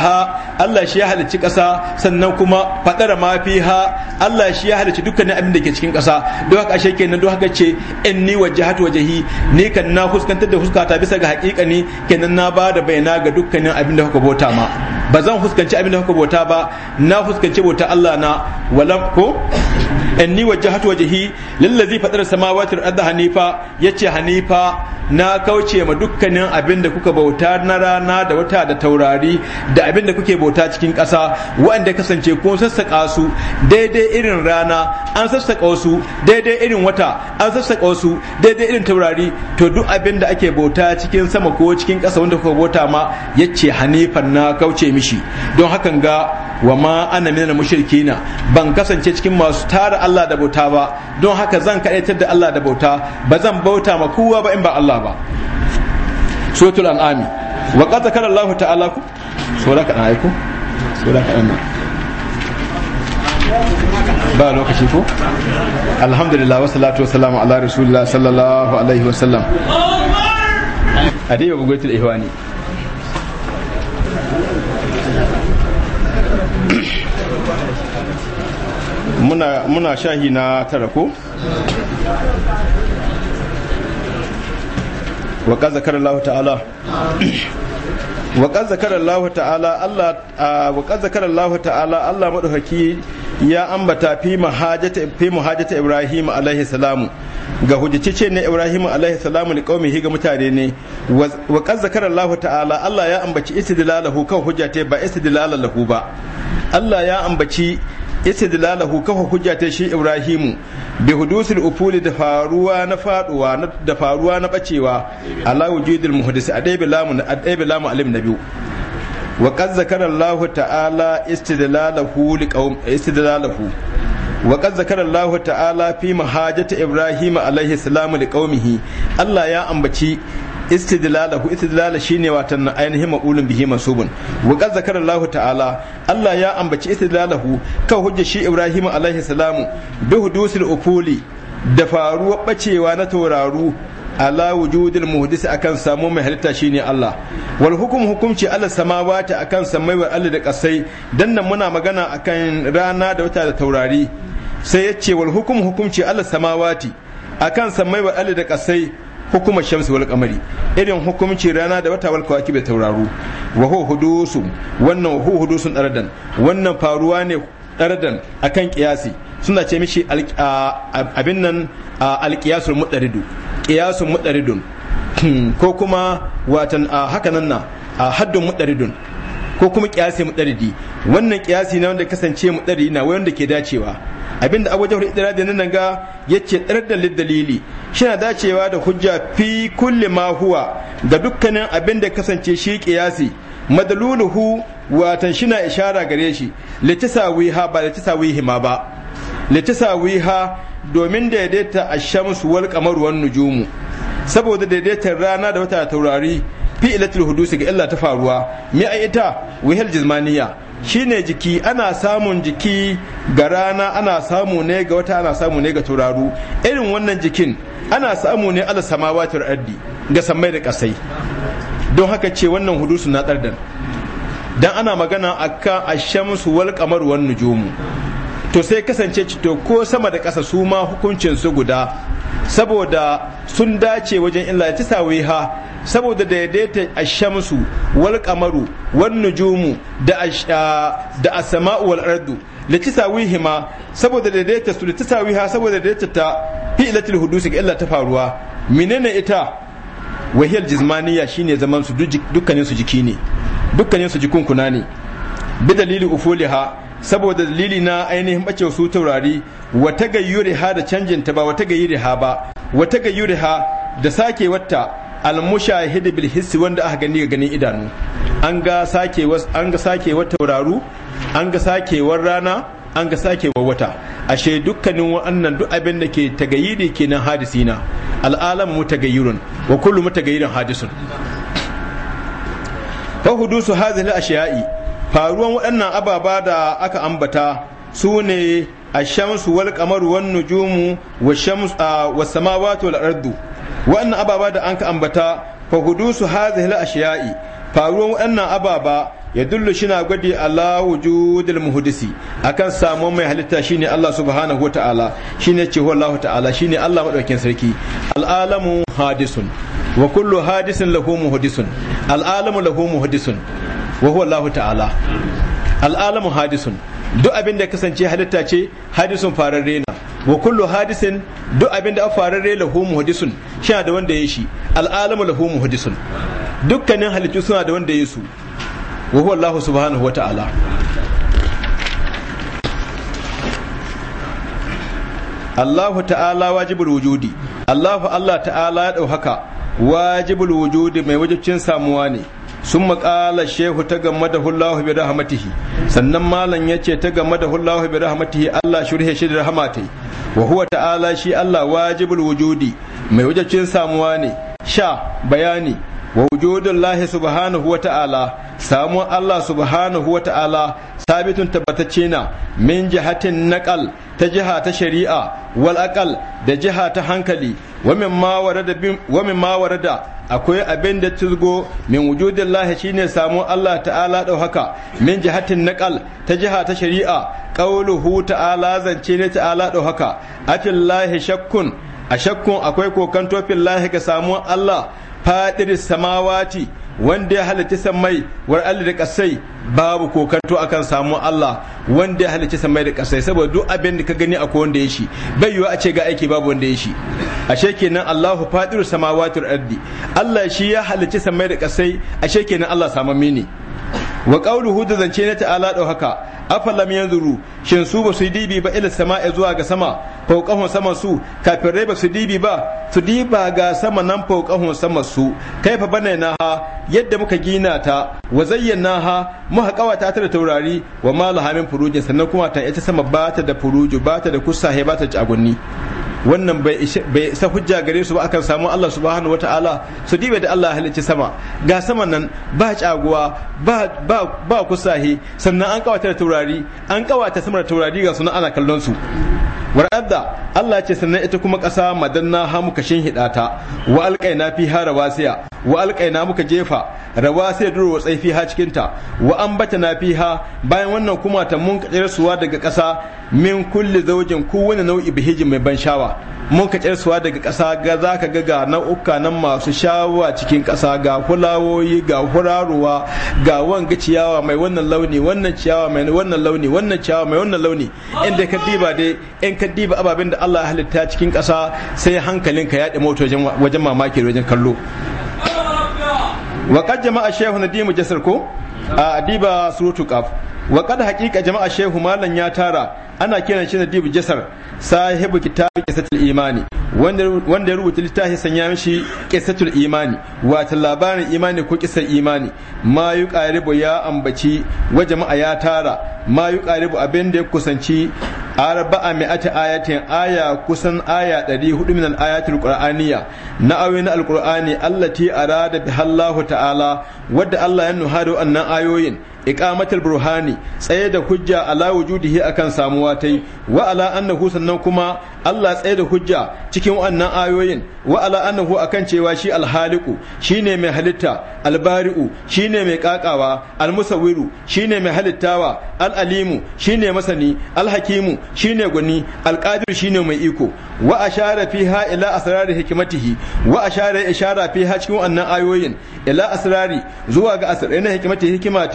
ha, Allah shi ya halicci ƙasa sannan kuma fadara ma ha, Allah shi ya halicci dukkanin abin da ke cikin ƙasa don haka sheke kenan don haka ce inni wajhatu wajhi ni kan na huskantar da huskata bisa ga hakika ne kenan na ba da bayana ga dukkanin abin da kuka bota ma ba zan fuskanci abin da kuka bota ba na fuskanci bota Allah na walam ko inni wajhatu wajhi lillazi fatara samawati wal ardha hanifa yace hanifa na kauce ma dukkanin abin da kuka bauta na rana da wata da taurari da abin da kuke bauta cikin ƙasa wanda kasance kun sassaka su daidai irin rana an sassaka su daidai irin wata an sassaka su daidai irin taurari to duk abin da ake bauta cikin sama ko cikin ƙasa wanda kuka bauta ma yace hanifan na kauce mishi don hakan ga wa ma ana mina mushrikina ban kasance cikin masu su tara Allah da bauta ba don haka zan kaɗaitar da Allah da bauta ba zan bauta ma kowa ba in ba Allah ba suratul an'ami wa qad zakara Allah ta'ala ku sura kaɗan ayku sura kaɗan nan ba lokaci ko alhamdulillah wa salatu wa salamu ala rasulillah sallallahu alaihi wa sallam adiba bugaitul ihwani muna muna shahi na tara ko waƙar zakar Allah ta'ala waƙar zakar Allah ta'ala Allah wa qad Allah ta'ala Allah madaukaki ya ambata fi muhajata fi muhajata Ibrahim alaihi salamu ga hujjace ne Ibrahim alaihi salamu li qaumihi ga mutane ne Waƙar zakar Allah ta'ala Allah ya ambaci istidlalahu kan hujjate ba istidlalahu ba Allah ya ambaci istidlalahu kafa hujja shi ibrahimu bi hudusul ufuli da faruwa na faduwa da faruwa na bacewa ala wujudil muhdis lamu lamu alim nabiyu wa qad zakara Allah ta'ala istidlalahu istidlalahu wa qad zakara Allah ta'ala fi mahajati ibrahim alaihi salam Allah ya ambaci istidlalahu istidlala shine watan ainihin maqulun bihi masubun wa qad zakara Allahu ta'ala Allah ya ambaci istidlalahu ka hujja shi Ibrahim alaihi salamu bi hudusil ukuli da faruwar bacewa na tauraru ala wujudil muhdis akan samu mai halitta shine Allah wal hukum hukumci ala samawati akan samai wa Allah da kasai dan nan muna magana akan rana da wata da taurari sai yace wal hukum hukumci ala samawati akan samai wa Allah da kasai hukumar shamsi wal kamari irin hukumci rana da wata wal kawaki bai tauraro wa hu hudusun wannan hu hudusun daradan wannan faruwa ne daradan akan kiyasi suna ce mishi abin nan alkiyasul mudaridu kiyasul mudaridun hmm, ko kuma watan hakanan na haddun mudaridun ko kuma kiyasi mudaridi wannan kiyasi na wanda kasance mudaridi na wanda ke dacewa abinda abu jahar da nan ga yace dardal dalili shina dacewa da hujja fi kulli ma huwa ga dukkanin abinda kasance shi kiyasi madaluluhu watan shina ishara gare shi ha ba litisawihi hima ba ha domin daidaita ashamsu wal qamaru wan nujumu saboda daidaitar rana da wata taurari fi ilatul hudusi ga illa ta faruwa me ai ita wihil jismaniya shine jiki ana samun jiki ga rana ana samu ne ga wata ana samu ne ga turaru irin wannan jikin ana samu ne ala samawati ardi ga samai da kasai don haka ce wannan hudusu na tsardan dan ana magana akan ashamsu wal qamaru wan nujumu to sai kasance to ko sama da kasa su ma hukuncin su guda saboda sun dace wajen illa ta ha saboda daidaita shamsu wal kamaru wal nujumu da da samau wal ardu Hima saboda daidaita su ha saboda daidaita ta ilatul hudusi ga illa ta faruwa menene ita wahiyal jismaniya shine zaman su dukkanin su jiki ne dukkanin su jikunkuna ne bi dalili ufuliha saboda dalili na ainihin bace su taurari wata gayyuri ha da canjin ta ba gayyuri ha ba gayyuri ha da sake wata almushahid bil hissi wanda aka gani ga ganin idanu an ga sake an ga wata tauraru an ga war rana an ga sakewar wata ashe dukkanin wa'annan duk abin da ke tagayyiri kenan hadisina al'alam mutagayyirun wa kullu mutagayyirin hadisun fa hudusu hadhihi al-ashiya'i faruwan waɗannan ababa da aka ambata su ne a shamsu wal kamaru wan nujumu wa shamsu wa samawati waɗannan ababa da an ka ambata fa hudusu hadhihi al ashiya'i faruwan waɗannan ababa ya dullu na gwadi ala wujudil muhdisi akan samu mai halitta shine Allah subhanahu wataala shine ce Allah ta'ala shine Allah madaukakin sarki al'alamu hadisun wa kullu hadisin lahu muhdisun al'alamu lahu muhdisun wa huwa Allah ta'ala al'alamu hadisun duk abin da kasance halitta ce hadisun fararre ne wa kullu hadisin duk abin da fararre lahu muhdisun shi da wanda ya shi al'alamu lahu muhdisun dukkanin halittu suna da wanda ya su wa huwa Allah subhanahu wa ta'ala Allah ta'ala wajibul wujudi Allah Allah ta'ala ya dauka wajibul wujudi mai wajibcin samuwa ne sun maƙala shehu ta game da hullahu bi rahmatihi sannan malam ya ce ta game da hullahu bi rahmatihi Allah shirhe shi da rahmatai wa huwa ta'ala shi Allah wajibul wujudi mai wajabcin samuwa ne sha bayani wa wujudun lahi subhanahu wa ta'ala samun Allah subhanahu wa ta'ala sabitun tabbatacce na min jihatin naƙal ta jiha ta shari'a wal aqal da jiha ta hankali wa min ma warada akwai abin da tuzgo min wujudin lahi shine samun Allah ta'ala haka. min jihatin naƙal ta jiha ta shari'a qauluhu ta'ala zance ne ta'ala haka atillahi shakkun a shakkun akwai kokan tofin lahi ga samun Allah fadir samawati wanda ya halitta samai war Allah da kasai babu kokanto akan samu Allah wanda ya halitta samai da kasai saboda duk abin da ka gani akwai wanda ya shi bai yiwa a ce ga aiki babu wanda ya shi ashe kenan Allahu Fadir samawati ardi Allah shi ya halitta samai da kasai ashe kenan Allah samami ne wa qawluhu da zance na ta'ala da haka afalam yanzuru shin su ba su dibi ba ila sama'i zuwa ga sama fawqahum sama su kafirai ba su dibi ba su diba ga sama nan fawqahum sama su kaifa na ha yadda muka gina ta wa zayyana ha muka kawata ta da taurari wa ma lahamin furujin sannan kuma ta ita sama ba ta da furuju ba ta da kusa ba ta ci agunni wannan bai isa hujja gare su ba akan samu Allah subhanahu wataala su dibe da Allah halicci sama ga sama nan ba caguwa ba ba ba kusahi sannan an kawata taurari an kawata samar taurari ga sunan ana kallon su war'adda Allah ce sannan ita kuma ƙasa madanna ha muka shin hidata. wa alqaina fi rawasiya wa alqaina muka jefa rawasiya duro tsaifi ha cikin ta wa ambata na fiha. bayan wannan kuma ta mun kaɗar suwa daga ƙasa min kulli zaujin kowane nau'i bihijin mai ban shawa mun ka suwa daga ƙasa ga za ka ga nau'uka nan masu shawa cikin ƙasa ga fulawoyi ga huraruwa ga wanga ciyawa mai wannan launi wannan ciyawa mai wannan launi wannan ciyawa mai wannan launi da ka diba dai in ka diba ababen da Allah ya halitta cikin ƙasa sai hankalinka ya ɗi moto wajen mamaki wajen kallo wa qad jama'a shaykhu nadimu jasar ko a diba surutu qaf wa kada haƙiƙa jama'a shehu Mallam ya tara ana kiran shi Nadib Jasar sahibu kitabi qisatul imani wanda ya rubuta littafi sanya mishi qisatul imani wato labarin imani ko qisar imani ma yuqaribu ya ambaci wa jama'a ya tara ma yuqaribu abin da ya kusanci arba'a mi'ati ayatin aya kusan aya 400 min ayatul ayatil qur'aniyya na awin alqur'ani allati arada bihallahu ta'ala wadda Allah ya nuhado annan ayoyin iqamatul burhani tsaye da hujja ala wujudihi akan samuwa tai wa ala annahu sannan kuma Allah tsaye da hujja cikin wannan ayoyin wa ala annahu akan cewa shi alhaliku shine mai halitta albari'u shine mai kakawa almusawwiru shine mai halittawa alalimu shine masani Al-hakimu alhakimu shine gwani alqadir shine mai iko wa ashara fiha ila asrari hikmatihi wa ashara ishara fiha cikin wannan ayoyin ila asrari zuwa ga asrari na hikimati hikima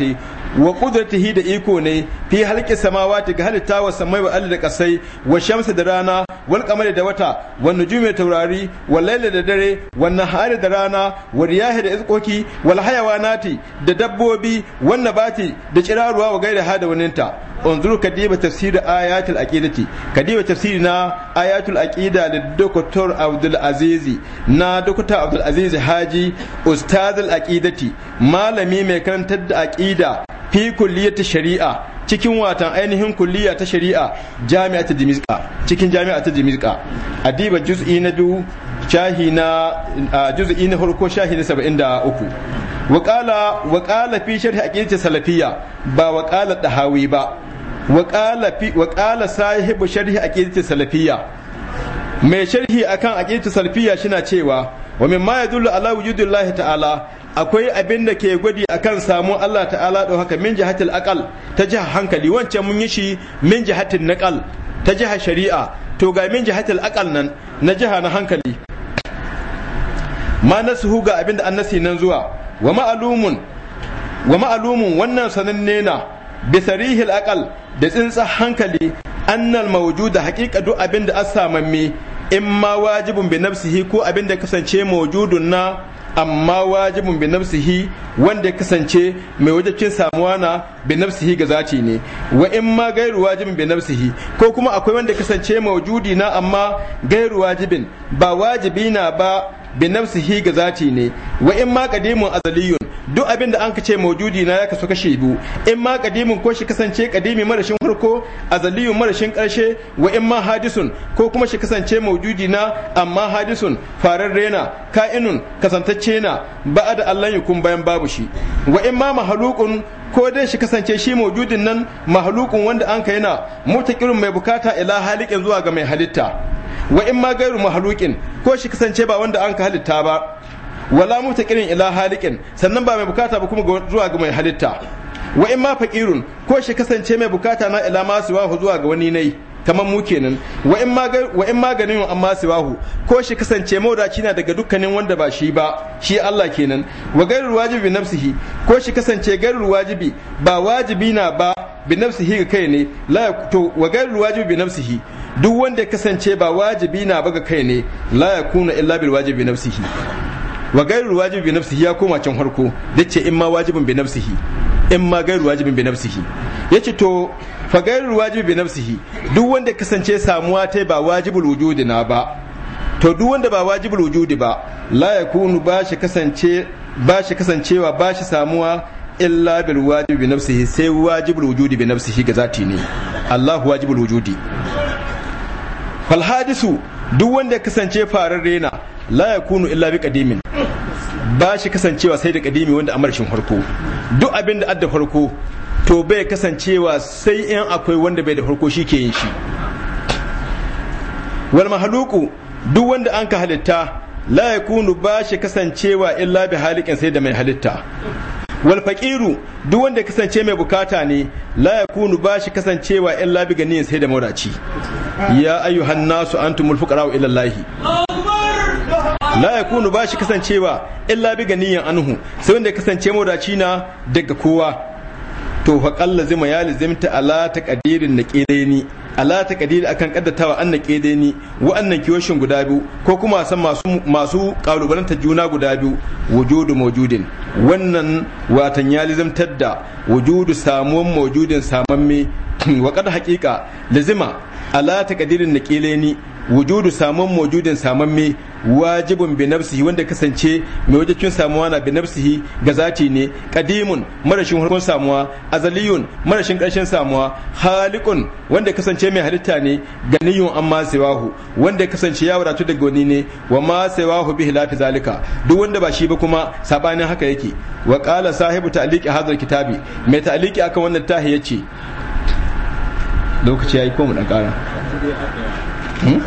wa qudratihi da iko ne fi halqi samawati ga halitta wa samai wa da kasai wa shamsi da rana wal qamari da wata wa nujumi taurari wa laila da dare wa nahari da rana wa riyahi da iskoki wal hayawanati da dabbobi wa nabati da ciraruwa wa gaira hada waninta unzuru kadiba tafsir ayatul aqidati kadiba tafsiri na ayatul aqida da doktor Abdul Azizi na doktor Abdul Azizi Haji ustaz al malami mai karantar da aqida fi kulliyati shari'a cikin watan ainihin kulliya ta shari'a jami'a ta dimizka cikin jami'a ta dimizka adiba juz'i na biyu shahi na juz'i na farko shahi na saba'in da uku waƙala fi shari'a aqidati salafiyya ba waƙala dahawi ba wa qala sahibu sharhi ƙirƙi salafiya mai sharhi akan aqidati salafiyya shina cewa wa mimma yadullu ala lahi ta'ala akwai abin da ke gwadi akan samu Allah ta'ala ɗau haka min jihatil aqal ta jihar hankali wancan mun yi shi min jihatil naqal ta jihar shari'a to ga min jihatil aqal nan na jiha na hankali ma nasuhu ga abin da annasi nan zuwa wa ma'alumun wa ma'alumun wannan sananne na bisarihil aqal da tsintsa hankali annal mawjuda haqiqa duk abin da asamamme in ma wajibun bi nafsihi ko abinda kasance mawjudun na amma wajibun bi nafsihi wanda kasance mai wajibcin samuwa na bi nafsihi ga zati ne wa in ma gairu wajibin bi nafsihi ko kuma akwai wanda kasance mawjudi na amma gairu wajibin ba wajibi na ba bi nafsihi ga zati ne wa in ma qadimun azaliyun duk abin da an ka ce maujudi na ya kasu kashe biyu in ma kadimin ko shi kasance kadimi marashin farko azaliyun marashin karshe wa in ma hadisun ko kuma shi kasance maujudi na amma hadisun farar rena ka'inun kasantacce na ba'a da allan yukun bayan babu shi wa in ma mahalukun ko dai shi kasance shi maujudin nan mahalukun wanda an kai na mutakirin mai bukata ila halikin zuwa ga mai halitta wa in ma gairu mahalukin ko shi kasance ba wanda an ka halitta ba wala taqirin ila halikin sannan ba mai bukata ba kuma zuwa ga mai halitta wa in ma faqirun ko shi kasance mai bukata na ila ma siwahu zuwa ga wani nai kamar mu kenan wa in maganin amma siwahu ko shi kasance mawdaci na daga dukkanin wanda ba shi ba shi Allah kenan wa gairu wajibi nafsihi ko shi kasance gairu wajibi ba wajibi na ba bi nafsihi ga kai ne la to wa gairu wajibi bi nafsihi duk wanda kasance ba wajibi na ba ga kai ne la yakuna illa bil wajibi nafsihi wa gairu wajibi bi nafsihi ya koma can harko dace in ma wajibin bi nafsihi in ma gairu wajibin bi nafsihi yace to fa gairu wajibin bi nafsihi duk wanda kasance samuwa ta ba wajibul wujudi na ba to duk wanda ba wajibul wujudi ba la yakunu ba shi kasance ba shi kasancewa ba shi samuwa illa bil wajibi bi nafsihi sai wajibul wujudi bi nafsihi ga zati ne Allah wajibul wujudi fal hadisu duk wanda kasance fararre na la kunu illa bi qadimin ba shi kasancewa sai da kadimi wanda a farko duk abin da adda farko to bai kasancewa sai in akwai wanda bai da farko shi ke yin shi wal mahaluku duk wanda an ka halitta la kunu ba shi kasancewa illa bi halikin sai da mai halitta wal faqiru duk wanda kasance mai bukata ne la kunu ba shi kasancewa illa bi ganiyin sai da mawdaci ya ayyuhan nasu antumul fuqara ila allah la kunu ba shi kasancewa illa bi ganiyan anhu sai wanda ya kasance mawdaci na daga kowa to fa qalla zima ya lazimta ala taqdirin naqilaini ala taqdiri akan kaddatawa an naqilaini wa annan kiwashin guda biyu ko kuma san masu masu kalubalanta juna guda biyu wujudu mawjudin wannan watan ya lazimtar da wujudu samuwan mawjudin samamme wa qad haqiqa lazima ala taqdirin naqilaini wujudu samun mujudin samun mai wajibun bi nafsihi wanda kasance mai wajibcin samuwa na bi nafsihi ga zati ne kadimun marashin hukun samuwa azaliyun marashin karshen samuwa halikun wanda kasance mai halitta ne ganiyun amma siwahu wanda kasance ya wadatu da goni ne wa ma siwahu bi hilafi zalika duk wanda ba shi ba kuma sabanin haka yake wa qala sahibu ta'liqi hadhal kitabi mai ta'liqi akan wannan tahiyaci lokaci yayi ko mu dan kara Hmm?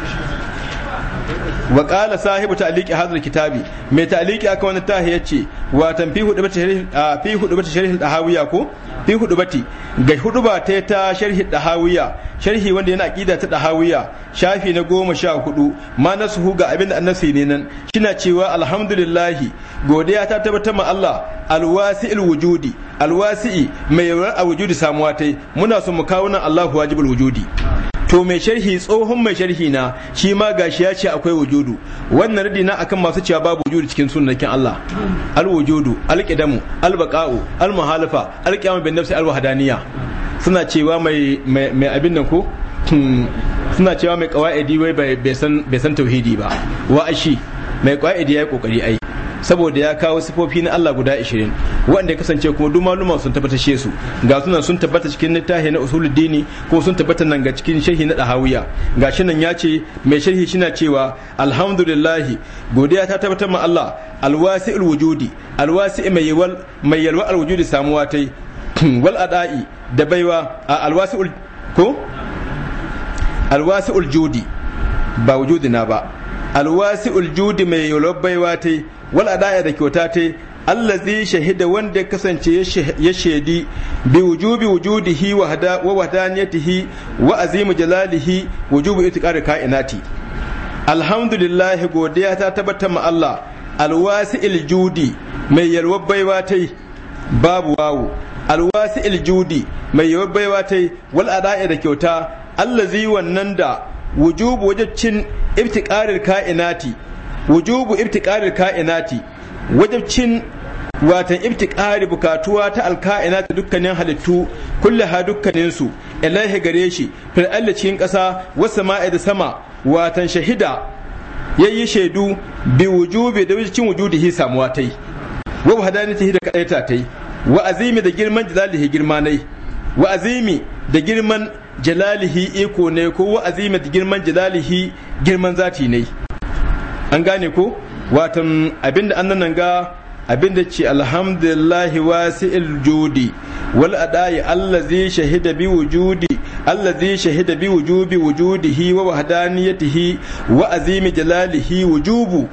wa qala sahibu ta'liqi hadhihi kitabi mai ta'liqi aka wani tahi yace wa tan fi sharhi fi hudu sharhi dahawiya ko fi hudu bati ga hudu ba ta ta sharhi dahawiya sharhi wanda yana aqida ta dahawiya shafi na goma sha hudu ma nasuhu ga abinda annasi ne nan kina cewa alhamdulillah godiya ta tabbatar ma Allah alwasi'il wujudi alwasi'i mai yawar a wujudi samuwa tai muna so mu kawo nan Allahu wajibul wujudi to mai sharhi tsohon mai sharhi na shi ma gashi ya ce akwai wujudu wannan radi na akan masu cewa babu wujudu cikin sunnakin Allah al wujudu al qidamu al baqa'u al muhalafa al qiyamu bin nafsi al suna cewa mai mai abin nan ko hmm, suna cewa mai qawaidi wai bai san bai san tauhidi ba wa ashi mai qawaidi yayi kokari ai saboda ya kawo sifofi na Allah guda 20 wanda ya kasance kuma duk maluma sun tabbata shi su ga sunan sun tabbata cikin littafi na usulul dini kuma sun tabbata nan ga cikin sharhi na dahawiya shi nan ya ce mai sharhi shina cewa alhamdulillah godiya ta tabbatar ma Allah alwasi'ul wujudi alwasi'i mai yalwa mai yalwa alwujudi samuwa tai wal ada'i da baiwa alwasi'ul ko alwasi'ul judi ba wujudina ba alwasi'ul judi mai yalwa baiwa tai wal adaya da kyauta ta allazi shahida wanda kasance ya shaidi bi wujubi wujudihi wa wadaniyatihi wa azimu jalalihi wujubu itiqari kainati alhamdulillah godiya ta tabbatar ma Allah alwasi'il judi mai yalwar baiwa tai babu wawu alwasi'il judi mai yalwar baiwa tai wal ada'i da kyauta allazi wannan da wujubu wajibcin iftiqaril kainati wujubu ibtiqaril kainati wajibcin watan ibtiqari bukatuwa ta alkainati dukkanin halittu ha dukkanin su ilahi gare shi fil cikin ƙasa wasu ma'a da sama watan shahida yayi shaidu bi wujubi da wajibcin hi samuwa tai wa hadanatihi da ta tai wa azimi da girman jalalihi girma nai wa azimi da girman jalalihi iko ne ko wa azimi da girman jalalihi girman zati ne an gane ko watan abinda an nan ga abinda ce alhamdulillah wasi'il judi wal adai allazi shahida bi wujudi allazi shahida bi wujubi wujudihi wa wahdaniyatihi wa azimi jalalihi wujubu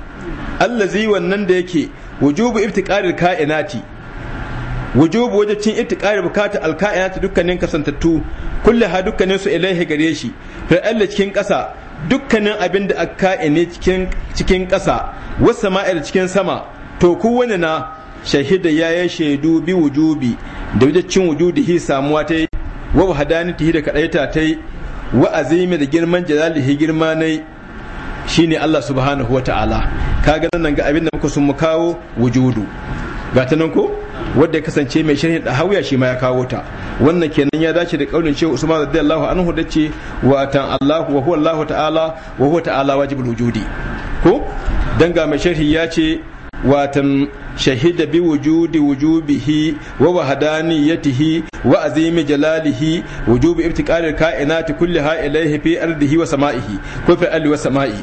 allazi wannan da yake wujubu ibtiqaril kainati wujubu wajibcin ibtiqari bukata alka'inati dukkanin kasantattu kulli ha dukkanin su ilaihi gare shi fa cikin kasa dukkanin abin da aka ne cikin ƙasa wasu ma'ir cikin sama to kowane na shahida ya yi shaidu bi wujubi da wujudi hi samuwa ta yi wa wahadanitihi da kaɗaita ta yi wa azimi da girman jalalihi girma na yi shine Allah subhanahu wa ta'ala kaga nan ga abin da muka sun mu kawo wujudu ga ta ko wanda ya kasance mai sharhin da hawiya shi ma ya kawo ta wannan kenan ya dace da kaulin shehu usman radiyallahu anhu da ce wa tan allahu wa huwa allah ta'ala wa huwa ta'ala wajibul wujudi ko dan ga mai sharhi ya ce watan shahida bi wujudi wujubihi wa wahadaniyatihi wa azimi jalalihi wujubi ibtiqalil kainati kulliha ilayhi fi ardihi wa sama'ihi ko fi ardi wa sama'i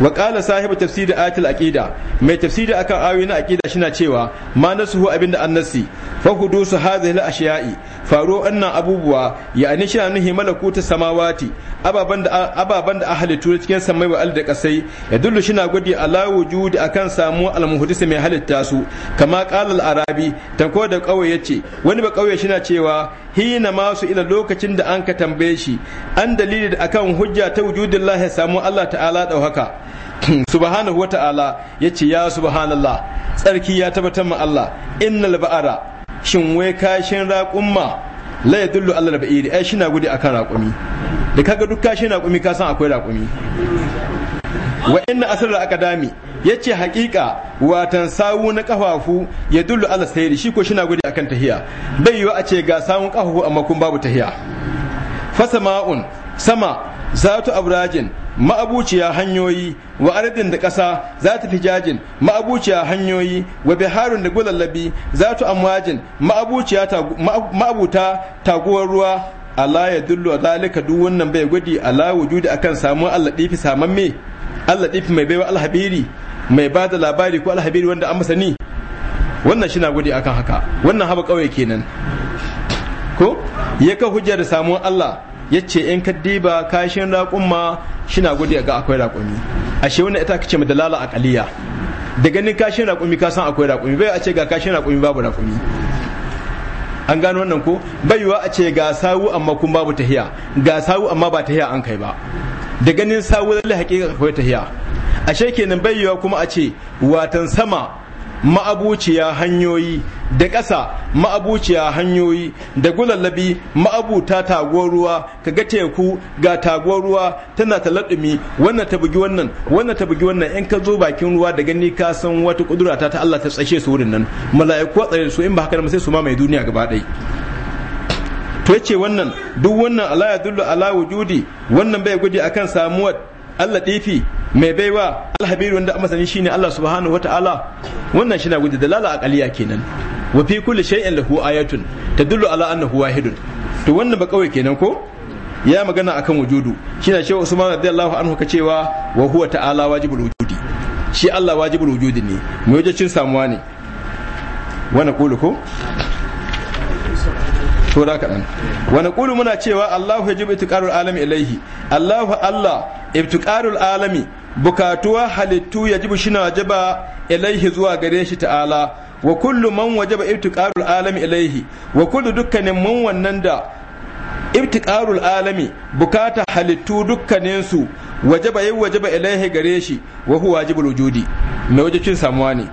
wa qala sahibu tafsir ayatul aqida mai tafsiri akan ayoyin na aqida shina cewa ma nasuhu abinda annasi fa hudusu hadhihi al-ashiya'i faro annan abubuwa ya'ani shina nuhi malakuta samawati ababan da ababan da ahalitu cikin samai wa da kasai yadullu shina gudi ala wujudi akan samu al-muhdis mai halitta su kama qala al-arabi tanko da kauye yace wani ba kauye shina cewa hina masu ila lokacin da an ka tambaye shi an dalili da akan hujja ta wujudillahi samu Allah ta'ala dauhaka subhanahu wa ta'ala ya ce ya subhanallah tsarki ya tabbatar ma Allah innal ba'ara shin wai kashin raƙumma la yadullu Allah ba'iri ai shi na gudu akan raƙumi da kaga duk kashin raƙumi ka san akwai raƙumi wa inna asrar akadami ce haƙiƙa watan sawu na ƙafafu ya dullu Allah sayri shi ko shi na gudu akan tahiya bai yiwa a ce ga sawun ƙafafu amma kun babu tahiya fasama'un sama zatu abrajin ma'abuciya hanyoyi wa ardin da ƙasa zatu fijajin ma'abuciya hanyoyi wa biharun da gulallabi zatu amwajin ma'abuciya ma'abuta taguwar ruwa Allah ya dullu zalika duk wannan bai gudi, ala wujudi akan samun Allah difi me Allah difi mai baiwa alhabiri mai ba da labari ko alhabiri wanda an masani wannan shi na gudi akan haka wannan haba kauye kenan ko ya ka hujjar samuwar Allah ya ce in ka diba kashin raƙumma shina gudu ga akwai raƙumi ashe wannan ita kace mu a aqaliya da ganin kashin raƙumi ka san akwai raƙumi bai a ce ga kashin raƙumi babu raƙumi an gano wannan ko baiwa a ce ga sawu amma kun babu tahiya ga sawu amma ba tahiya an kai ba da ganin sawu lalle hakika akwai tahiya ashe kenan baiwa kuma a ce watan sama ma'abuciya hanyoyi da ƙasa ma'abuciya hanyoyi da gulallabi ma'abuta taguwar ruwa ka ga teku ga taguwar ruwa tana ta laɗumi wannan ta bugi wannan wannan ta bugi wannan in ka zo bakin ruwa da gani ka san wata ƙudura ta Allah ta tsashe su wurin nan mala'iku tsare su in ba haka sai su mamaye duniya gaba ɗaya to yace wannan duk wannan ala ya dullu ala wujudi wannan bai gudi akan samuwar Allah ɗifi mai baiwa alhabiru wanda masanin shine Allah subhanahu ta'ala wannan shi na gudu dalala aqaliya kenan wa fi kulli shay'in lahu ayatun tadullu ala annahu wahidun to wannan ba kawai kenan ko ya magana akan wujudu shi na cewa Usman radiyallahu anhu ka cewa wa huwa ta'ala wajibul wujudi shi Allah wajibul wujudi ne mai wajibcin samuwa ne wani kulu ko to da kaɗan wani kulu muna cewa Allahu yajibu itiqarul alami ilaihi Allahu Allah ibtiqarul alami bukatuwa halittu yajibu shina wajaba ilaihi zuwa gare shi ta'ala wa kullu man wajaba ibtiqarul alami ilaihi wa kullu dukkanin man wannan da ibtiqarul alami bukata halittu dukkanin su wajaba yi wajaba ilaihi gare shi wa huwa wajibul wujudi mai wajibcin samuwa ne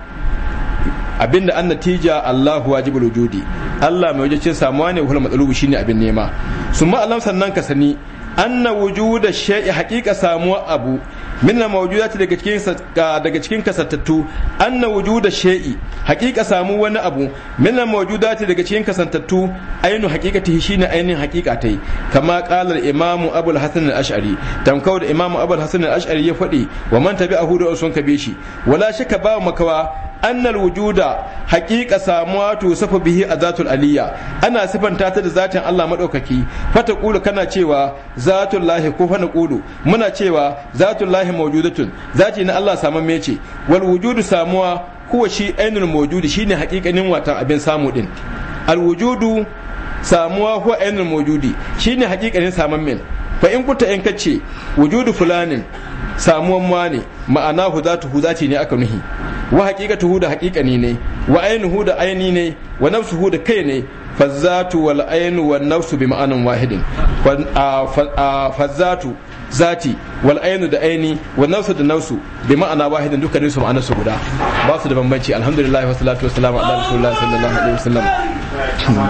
abinda an natija Allahu wajibul wujudi Allah mai wajibcin samuwa ne wa hul shine abin nema summa sannan ka sani anna wujuda shay'i haqiqa samuwa abu minna mawjudati daga cikin daga cikin kasantattu anna wujuda shay'i haqiqa samu wani abu minna mawjudati daga cikin kasantattu ainu haqiqati shine ainin haqiqa tai kama qala al-imamu abul hasan al-ash'ari tamkau da imamu abul hasan al-ash'ari ya fadi wa man tabi'ahu da sun kabe shi wala shakka ba makawa annal wujuda haqiqa samuwa to safa bihi azatul aliyya ana sifanta ta da zatin Allah madaukaki fata qulu kana cewa zatul lahi ko fa naqulu muna cewa zatul lahi mawjudatun zati na Allah samamme ce wal wujudu samuwa kuwa shi ainul mawjudi shine haqiqanin watan abin samu din al wujudu samuwa huwa ainul mawjudi shine haqiqanin samammen fa in kunta in kace wujudu fulanin samuwan ma ne ma'ana hudatu hudati ne aka nuhi wa haqiqatuhu da haqiqani ne wa ainuhu huda aini ne wa nafsu huda kai ne fazzatu wal ainu wan nafsu bi ma'anan wahidin fazzatu zati wal ainu da aini wa nafsu da nafsu bi ma'ana wahidin duka ne su ma'ana su guda ba su da bambanci alhamdulillah wa salatu ala rasulillah sallallahu alaihi wasallam